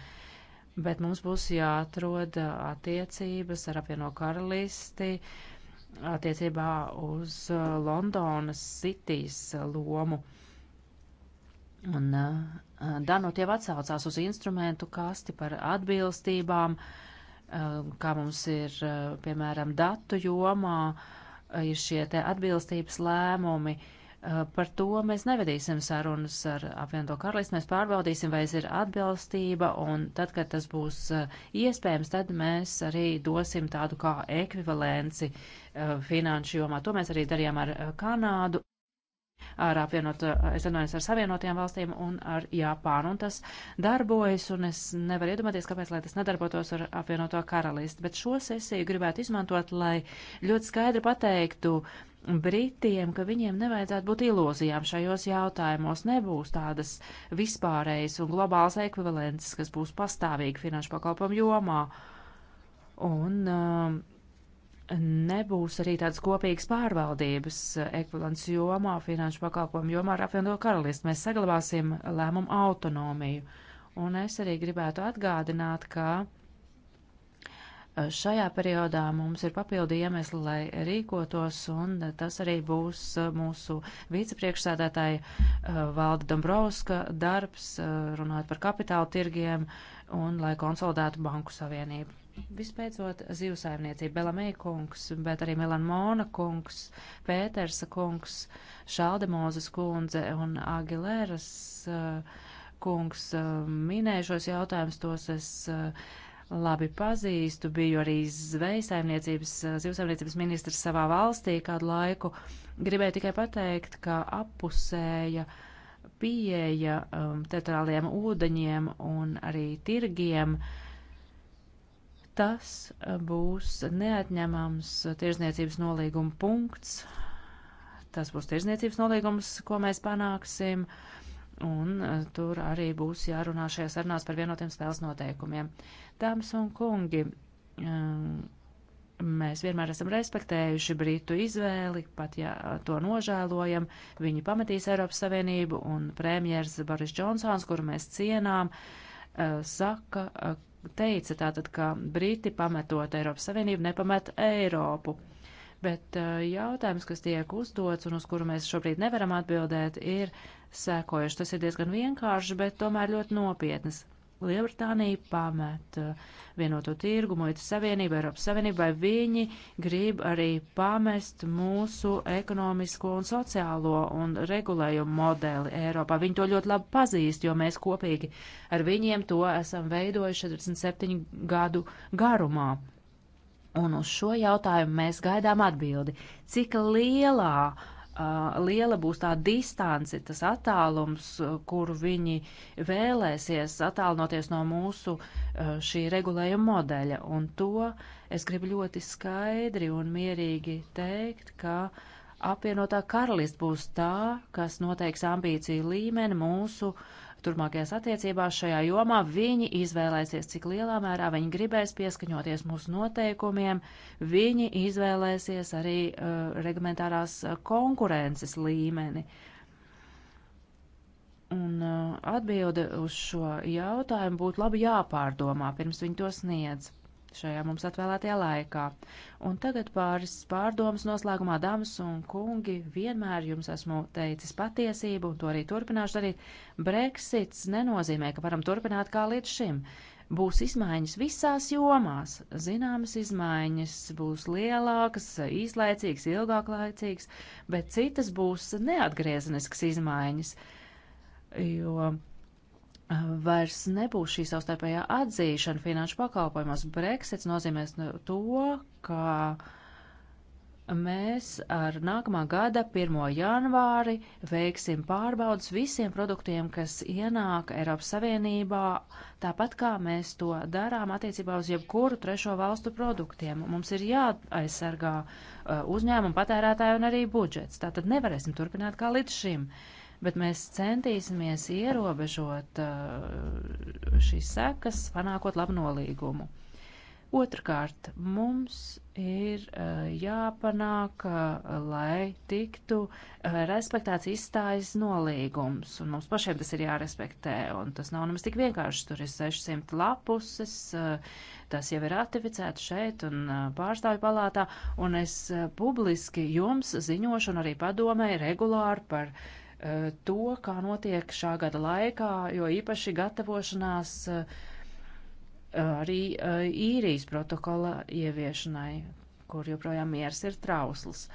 Bet mums būs jāatrod uh, attiecības ar apvieno karalisti attiecībā uz uh, Londonas sitīs uh, lomu. Uh, Un Danot jau atsaucās uz instrumentu kasti par atbilstībām, kā mums ir, piemēram, datu jomā, ir šie te atbilstības lēmumi. Par to mēs nevedīsim sarunas ar apvienoto karalistu. Mēs pārbaudīsim, vai ir atbilstība, un tad, kad tas būs iespējams, tad mēs arī dosim tādu kā ekvivalenci finanšu jomā. To mēs arī darījām ar Kanādu ar, apvienot, es vienojos ar Savienotajām valstīm un ar Japānu, un tas darbojas, un es nevaru iedomāties, kāpēc, lai tas nedarbotos ar apvienoto karalisti. Bet šo sesiju gribētu izmantot, lai ļoti skaidri pateiktu, Britiem, ka viņiem nevajadzētu būt ilūzijām šajos jautājumos, nebūs tādas vispārējas un globālas ekvivalences, kas būs pastāvīgi finanšu pakalpojumu jomā. Un uh, nebūs arī tādas kopīgas pārvaldības eh, ekvivalents jomā, finanšu pakalpojumu jomā ar apvienoto karalistu. Mēs saglabāsim lēmumu autonomiju. Un es arī gribētu atgādināt, ka eh, šajā periodā mums ir papildi iemesli, lai rīkotos, un tas arī būs eh, mūsu vicepriekšsēdētāja Valda Dombrovska darbs, runāt par kapitāla tirgiem un lai konsolidētu Banku Savienību. Vispēcot zivsaimniecību, Belamēja kungs, bet arī Melan Mona kungs, Pētersa kungs, Šaldemozes kundze un Agilēras uh, eh, kungs uh, eh, minēja šos jautājumus, tos es uh, labi pazīstu, biju arī zvejsaimniecības, zivsaimniecības ministrs savā valstī kādu laiku. Gribēju tikai pateikt, ka appusēja pieeja um, teritoriāliem ūdeņiem un arī tirgiem uh, Tas eh, būs neatņemams tirzniecības nolīguma punkts. Tas būs tirzniecības nolīgums, ko mēs panāksim, un eh, tur arī būs jārunā šajā sarunās par vienotiem spēles noteikumiem. Dāmas un kungi, eh, mēs vienmēr esam respektējuši Britu izvēli, pat ja to nožēlojam. Viņi pametīs Eiropas Savienību un premjers Boris Džonsons, kuru mēs cienām, saka, teica tātad, ka Briti pametot Eiropas Savienību, nepamet Eiropu. Bet uh, jautājums, kas tiek uzdots un uz kuru mēs šobrīd nevaram atbildēt, ir sēkojuši. Tas ir diezgan vienkārši, bet tomēr ļoti nopietnas. Lielbritānija pamet eh, vienoto tirgu, muitas savienību, Eiropas savienību, vai viņi grib arī pamest mūsu ekonomisko un sociālo un regulējumu modeli Eiropā. Viņi to ļoti labi pazīst, jo mēs kopīgi ar viņiem to esam veidojuši 47 gadu garumā. Un uz šo jautājumu mēs gaidām atbildi, cik lielā uh, liela būs tā distance, tas attālums, kuru viņi vēlēsies attālinoties no mūsu šī regulējuma modeļa. Un to es gribu ļoti skaidri un mierīgi teikt, ka apvienotā karalist būs tā, kas noteiks ambīciju līmeni mūsu uh, turpmākajās attiecībās šajā jomā, viņi izvēlēsies, cik lielā mērā viņi gribēs pieskaņoties mūsu noteikumiem, viņi izvēlēsies arī uh, reglamentārās uh, konkurences līmeni. Un uh, atbilde uz šo jautājumu būtu labi jāpārdomā, pirms viņi to sniedz šajā mums atvēlētajā laikā. Un tagad pāris pārdomas noslēgumā, dāmas un kungi, vienmēr jums esmu teicis patiesību, un to arī turpināšu darīt. Brexits nenozīmē, ka varam turpināt kā līdz šim. Būs izmaiņas visās jomās, zināmas izmaiņas būs lielākas, īslaicīgas, ilgāklaicīgas, bet citas būs neatgriezeniskas izmaiņas, jo vairs nebūs šī savstarpējā atzīšana finanšu pakalpojumos. Brexits nozīmēs nu, to, ka mēs ar nākamā gada 1. janvāri veiksim pārbaudas visiem produktiem, kas ienāk Eiropas Savienībā, tāpat kā mēs to darām attiecībā uz jebkuru trešo valstu produktiem. Mums ir jāaizsargā uh, uzņēmumu patērētāju un arī budžets. Tātad nevarēsim turpināt kā līdz šim. Uh, bet mēs centīsimies ierobežot uh, šīs sekas, panākot labu nolīgumu. Otrkārt, mums ir uh, jāpanāk, uh, lai tiktu respektēts izstājas nolīgums, un mums pašiem tas ir jārespektē, un tas nav nemaz tik vienkārši, tur ir 600 lapuses, tas jau ir ratificēts šeit un pārstāvju palātā, un es publiski jums ziņošu un arī padomēju regulāri par Eh, to, kā notiek šā gada laikā, jo īpaši gatavošanās eh, arī eh, īrijas protokola ieviešanai, kur joprojām miers ir trausls.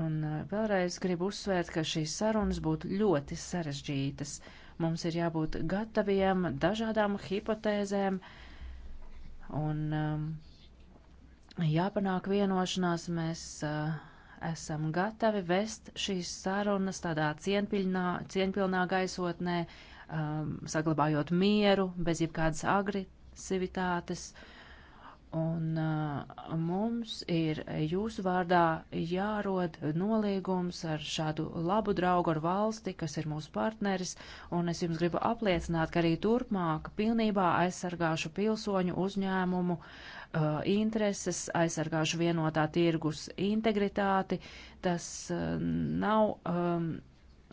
Un vēlreiz gribu uzsvērt, ka šīs sarunas būtu ļoti sarežģītas. Mums ir jābūt gataviem dažādām hipotēzēm un um, jāpanāk vienošanās. Mēs uh, esam gatavi vest šīs sarunas tādā cienpilnā, cienpilnā gaisotnē, um, saglabājot mieru bez jebkādas agresivitātes. Uh, Un uh, mums ir jūsu vārdā jārod nolīgums ar šādu labu draugu ar valsti, kas ir mūsu partneris, un es jums gribu apliecināt, ka arī turpmāk pilnībā aizsargāšu pilsoņu uzņēmumu uh, intereses, aizsargāšu vienotā tirgus integritāti. Tas uh, nav. Um,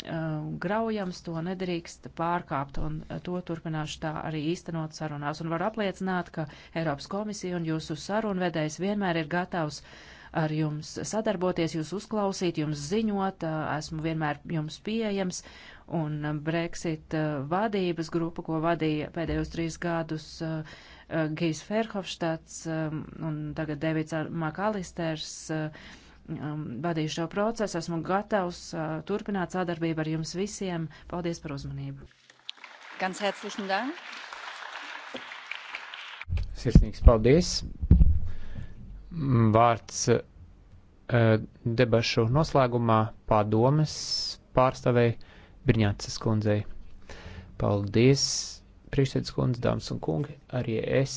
Um, graujams, to nedrīkst pārkāpt, un uh, to turpināšu tā arī īstenot sarunās. Un varu apliecināt, ka Eiropas komisija un jūsu sarunvedējs vienmēr ir gatavs ar jums sadarboties, jūs uzklausīt, jums ziņot, uh, esmu vienmēr jums pieejams, un um, Brexit uh, vadības grupa, ko vadīja pēdējos trīs gadus Gijs Ferhofštats um, un tagad Devits Makalisters, Um, vadīju šo procesu. Esmu gatavs uh, turpināt sadarbību ar jums visiem. Paldies par uzmanību. Ganz herzlichen Dank. Sirsnīgs paldies. Vārds uh, debašu noslēgumā pārdomas pārstāvēja Birņācas kundzei. Paldies, priekšsēdus kundze, dāmas un kungi, arī es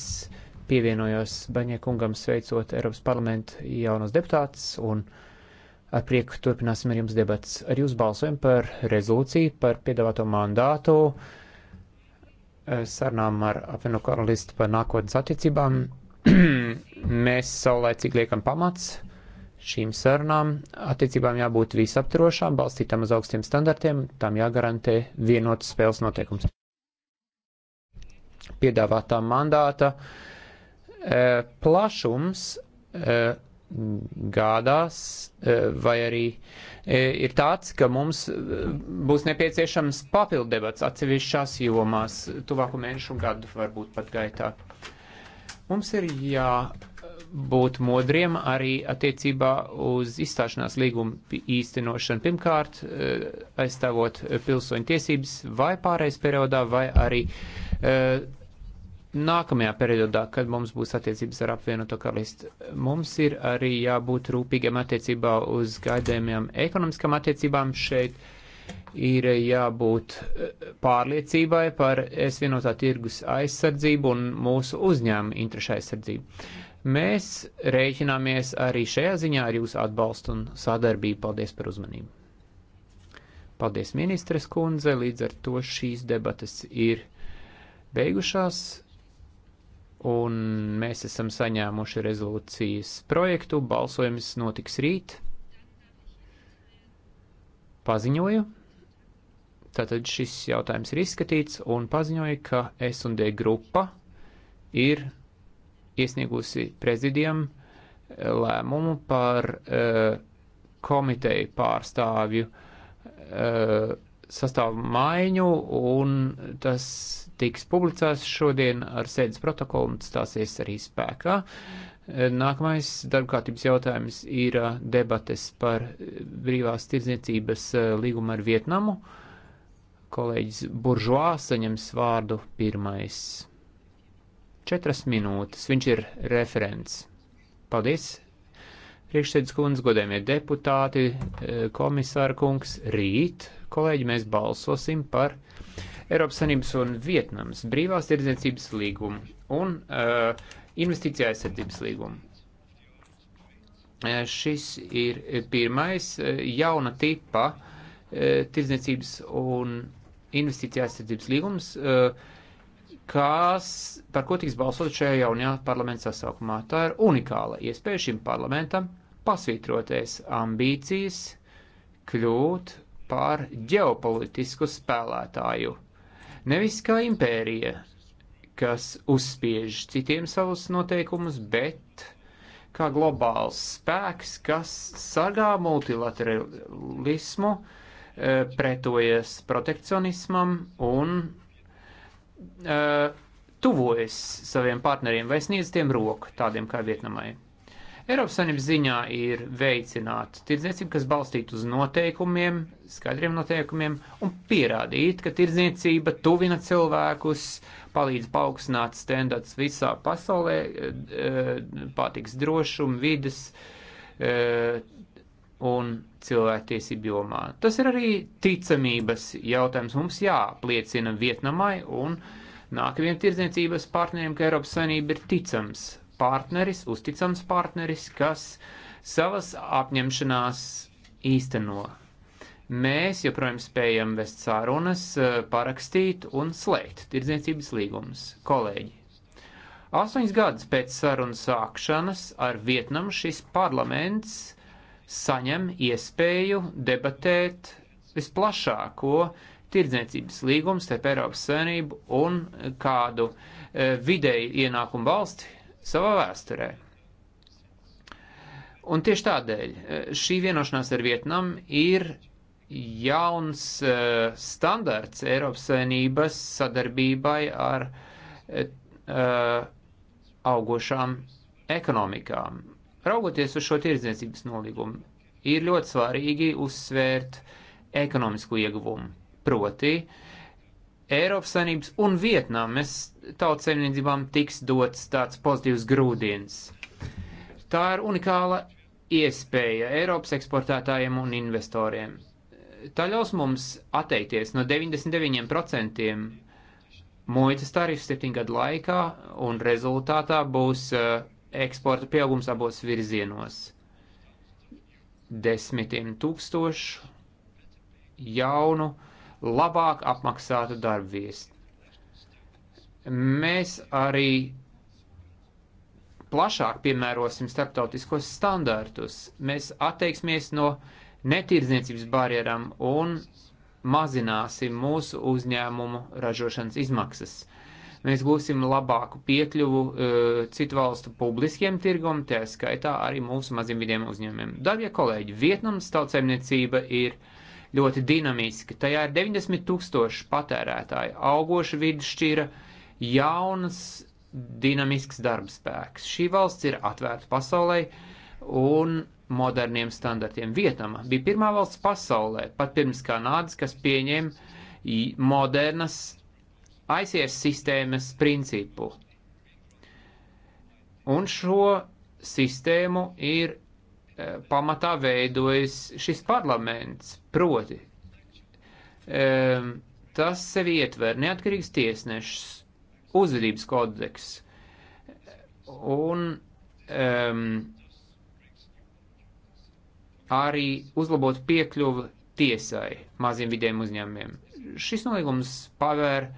pievienojos Baņiekungam sveicot Eiropas parlamentu jaunos deputātus un ar prieku turpināsim ar jums debats. Ar jūs balsojam par rezolūciju, par piedāvāto mandātu sarunām ar apvieno karalisti par nākotnes attiecībām. Mēs saulēcīgi liekam pamats šīm sarunām. Attiecībām jābūt visaptrošām, balstītām uz augstiem standartiem, tām jāgarantē vienotas spēles noteikums. Piedāvātā mandāta uh, Eh, plašums eh, gādās eh, vai arī ir tāds, ka mums būs nepieciešams papildu debats atsevišķās jomās tuvāku mēnešu gadu varbūt pat gaitā. Mums ir jā būt modriem arī attiecībā uz izstāšanās līgumu īstenošanu. Pirmkārt, aizstāvot pilsoņu tiesības vai pārējais periodā, vai arī nākamajā periodā, kad mums būs attiecības ar apvienoto karalisti, mums ir arī jābūt rūpīgiem attiecībā uz gaidējumiem ekonomiskām attiecībām šeit. Ir jābūt eh, pārliecībai par es vienotā tirgus aizsardzību un mūsu uzņēmuma interešu aizsardzību. Mēs rēķināmies arī šajā ziņā ar jūsu atbalstu un sadarbību. Paldies par uzmanību. Paldies ministres kundze, līdz ar to šīs debatas ir beigušās un mēs esam saņēmuši rezolūcijas projektu. Balsojums notiks rīt. Paziņoju. Tātad šis jautājums ir izskatīts un paziņoju, ka S&D grupa ir iesniegusi prezidijam lēmumu par uh, komiteju pārstāvju uh, sastāvu maiņu un tas tiks publicēts šodien ar sēdes protokolu un stāsies arī spēkā. Nākamais darbkārtības jautājums ir uh, debates par uh, brīvās tirdzniecības uh, līgumu ar Vietnamu. Kolēģis Buržoā saņems vārdu pirmais. Četras minūtes. Viņš ir referents. Paldies! Priekšsēdus kundze, godējumie deputāti, komisāra kungs, rīt, kolēģi, mēs balsosim par Eiropas Sanības un Vietnams brīvās tirdzniecības līgumu un uh, investīcija aizsardzības līgumu. Uh, šis ir pirmais uh, jauna tipa uh, tirdzniecības un investīcija aizsardzības līgums, uh, kas, par ko tiks balsot šajā jaunajā parlamenta sasaukumā. Tā ir unikāla iespēja šim parlamentam pasvītroties ambīcijas, kļūt par ģeopolitisku spēlētāju Nevis kā impērija, kas uzspiež citiem savus noteikumus, bet kā globāls spēks, kas sagā multilateralismu, e, pretojas protekcionismam un e, tuvojas saviem partneriem vai sniedz tiem roku tādiem kā Vietnamai. Eiropas saņems ziņā ir veicināt tirdzniecību, kas balstītu uz noteikumiem, skaidriem noteikumiem un pierādīt, ka tirdzniecība tuvina cilvēkus, palīdz paaugstināt standarts visā pasaulē, eh, pārtiks drošumu, vidas eh, un cilvēktiesību jomā. Tas ir arī ticamības jautājums. Mums jāpliecina Vietnamai un nākamajiem tirdzniecības partneriem, ka Eiropas Savienība ir ticams partneris, uzticams partneris, kas savas apņemšanās īsteno. Mēs joprojām spējam vest sārunas, eh, parakstīt un slēgt tirdzniecības līgumus. Kolēģi, astoņas gadus pēc sarunas sākšanas ar Vietnamu šis parlaments saņem iespēju debatēt visplašāko tirdzniecības līgumu starp Eiropas Savienību un kādu eh, vidēju ienākumu valsti savā vēsturē. Un tieši tādēļ e, šī vienošanās ar Vietnam ir jauns uh, standarts Eiropas Savienības sadarbībai ar uh, augošām ekonomikām. Raugoties uz šo tirdzniecības nolīgumu, ir ļoti svarīgi uzsvērt ekonomisku ieguvumu. Proti, uh, Eiropas Savienības un Vietnames tautsēmniecībām tiks dots tāds pozitīvs grūdienis. Tā ir unikāla iespēja Eiropas eksportētājiem un investoriem. Tā ļaus mums atteikties no 99% muitas tarifu septiņu gadu laikā, un rezultātā būs eh, eksporta pieaugums abos virzienos. Desmitiem tūkstošu jaunu uh, labāk apmaksātu darbu viestu. Mēs arī plašāk piemērosim starptautiskos standartus. Mēs atteiksimies no netirdzniecības barjerām un mazināsim mūsu uzņēmumu ražošanas izmaksas. Mēs būsim labāku piekļuvu uh, citu valstu publiskiem tirgum, tā skaitā arī mūsu maziem vidiem uzņēmumiem. Darbie kolēģi, Vietnams tautsēmniecība ir uh, ļoti dinamiski. Tajā ir 90 tūkstoši patērētāji, augoša vidusšķira, jauns, dinamisks darbspēks. Šī valsts ir atvērta pasaulē un moderniem standartiem. Vietnama bija pirmā valsts pasaulē, pat pirms Kanādas, kas pieņēma modernas ICS sistēmas principu. Un šo sistēmu ir e, pamatā veidojis šis parlaments Proti, um, tas sev ietver neatkarīgs tiesnešs, uzvedības kodeks un um, arī uzlabot piekļuvu tiesai maziem vidiem uzņēmumiem. Šis nolīgums pavēr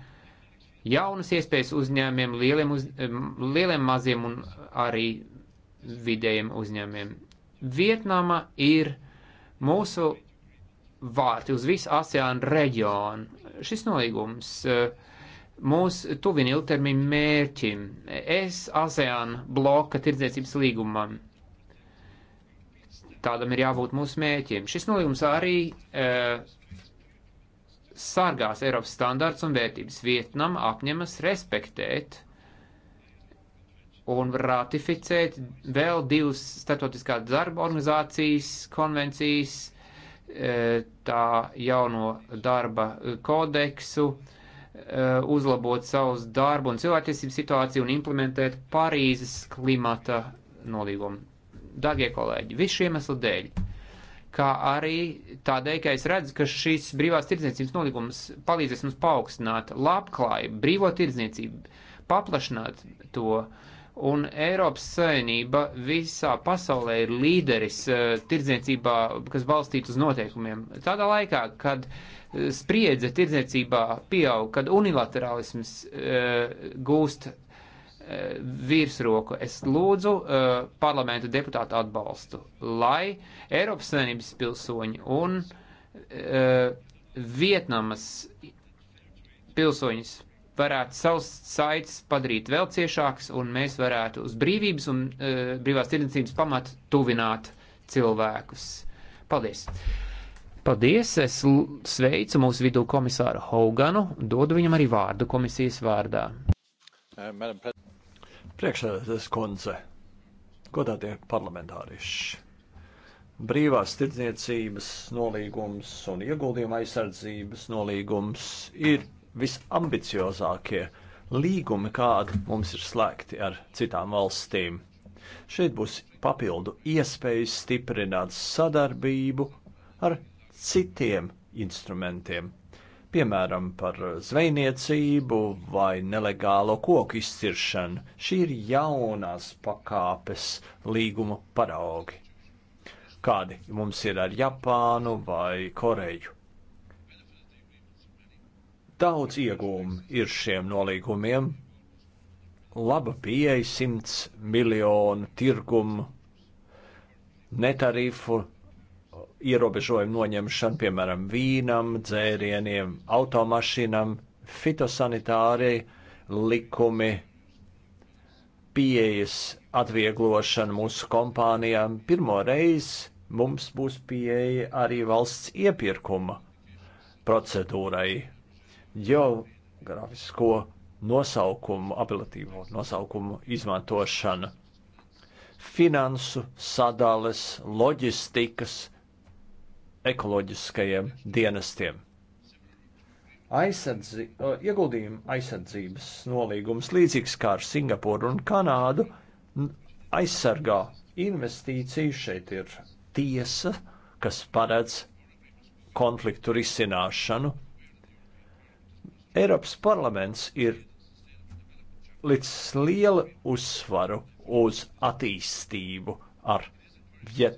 jaunas iespējas uzņēmumiem, lieliem, uz, lieliem maziem un arī vidējiem uzņēmumiem. Vietnama ir mūsu vārti uz visu ASEAN reģionu. Šis nolīgums eh, mūs tuvina ilgtermiņa mērķim - es ASEAN bloka tirdzniecības līgumam. Tādam ir jābūt mūsu mērķim. Šis nolīgums arī e, sargās Eiropas standārts un vērtības. Vietnam apņemas respektēt un ratificēt vēl divas statotiskās darba organizācijas konvencijas E, tā jauno darba kodeksu, e, uzlabot savus darbu un cilvēktiesību situāciju un implementēt Parīzes klimata nolīgumu. Dārgie kolēģi, visu iemeslu dēļ, kā arī tādēļ, ka es redzu, ka šīs brīvās tirdzniecības nolīgums palīdzēs mums paaugstināt labklājību, brīvo tirdzniecību, paplašināt to uh, un Eiropas Savienība visā pasaulē ir līderis uh, tirdzniecībā, kas balstīta uz noteikumiem. Tādā laikā, kad uh, spriedze tirdzniecībā pieaug, kad unilaterālisms uh, gūst virsroku. Es lūdzu uh, parlamentu deputātu atbalstu, lai Eiropas Savienības pilsoņi un uh, Vietnamas pilsoņus varētu savus saites padarīt vēl ciešākas, un mēs varētu uz brīvības un e, brīvās tirdzniecības pamatu tuvināt cilvēkus. Paldies! Paldies! Es sveicu mūsu vidū komisāru Hoganu, dodu viņam arī vārdu komisijas vārdā. Eh, Priekšsēdētājs Konze, godātie parlamentārieši! Brīvās tirdzniecības nolīgums un ieguldījuma aizsardzības nolīgums ir visambiciozākie līgumi, kādi mums ir slēgti ar citām valstīm. Šeit būs papildu iespējas stiprināt sadarbību ar citiem instrumentiem, piemēram, par zvejniecību vai nelegālo koku izciršanu. Šī ir jaunās pakāpes līguma paraugi, kādi mums ir ar Japānu vai Koreju. Daudz iegūmu ir šiem nolīgumiem. Laba pieeja 100 miljonu tirgumu, netarifu ierobežojumu noņemšana, piemēram, vīnam, dzērieniem, automašīnām, fitosanitārie likumi, pieejas atvieglošana mūsu kompānijām. Pirmo reizi mums būs pieeja arī valsts iepirkuma procedūrai geogrāfisko nosaukumu, apelatīvo nosaukumu izmantošana, finansu sadales, loģistikas, ekoloģiskajiem dienestiem. Aizsardzi, ieguldījuma aizsardzības nolīgums, līdzīgs kā ar Singapūru un Kanādu, aizsargā investīciju. Šeit ir tiesa, kas paredz konfliktu risināšanu Eiropas parlaments ir licis lielu uzsvaru uz attīstību ar viet,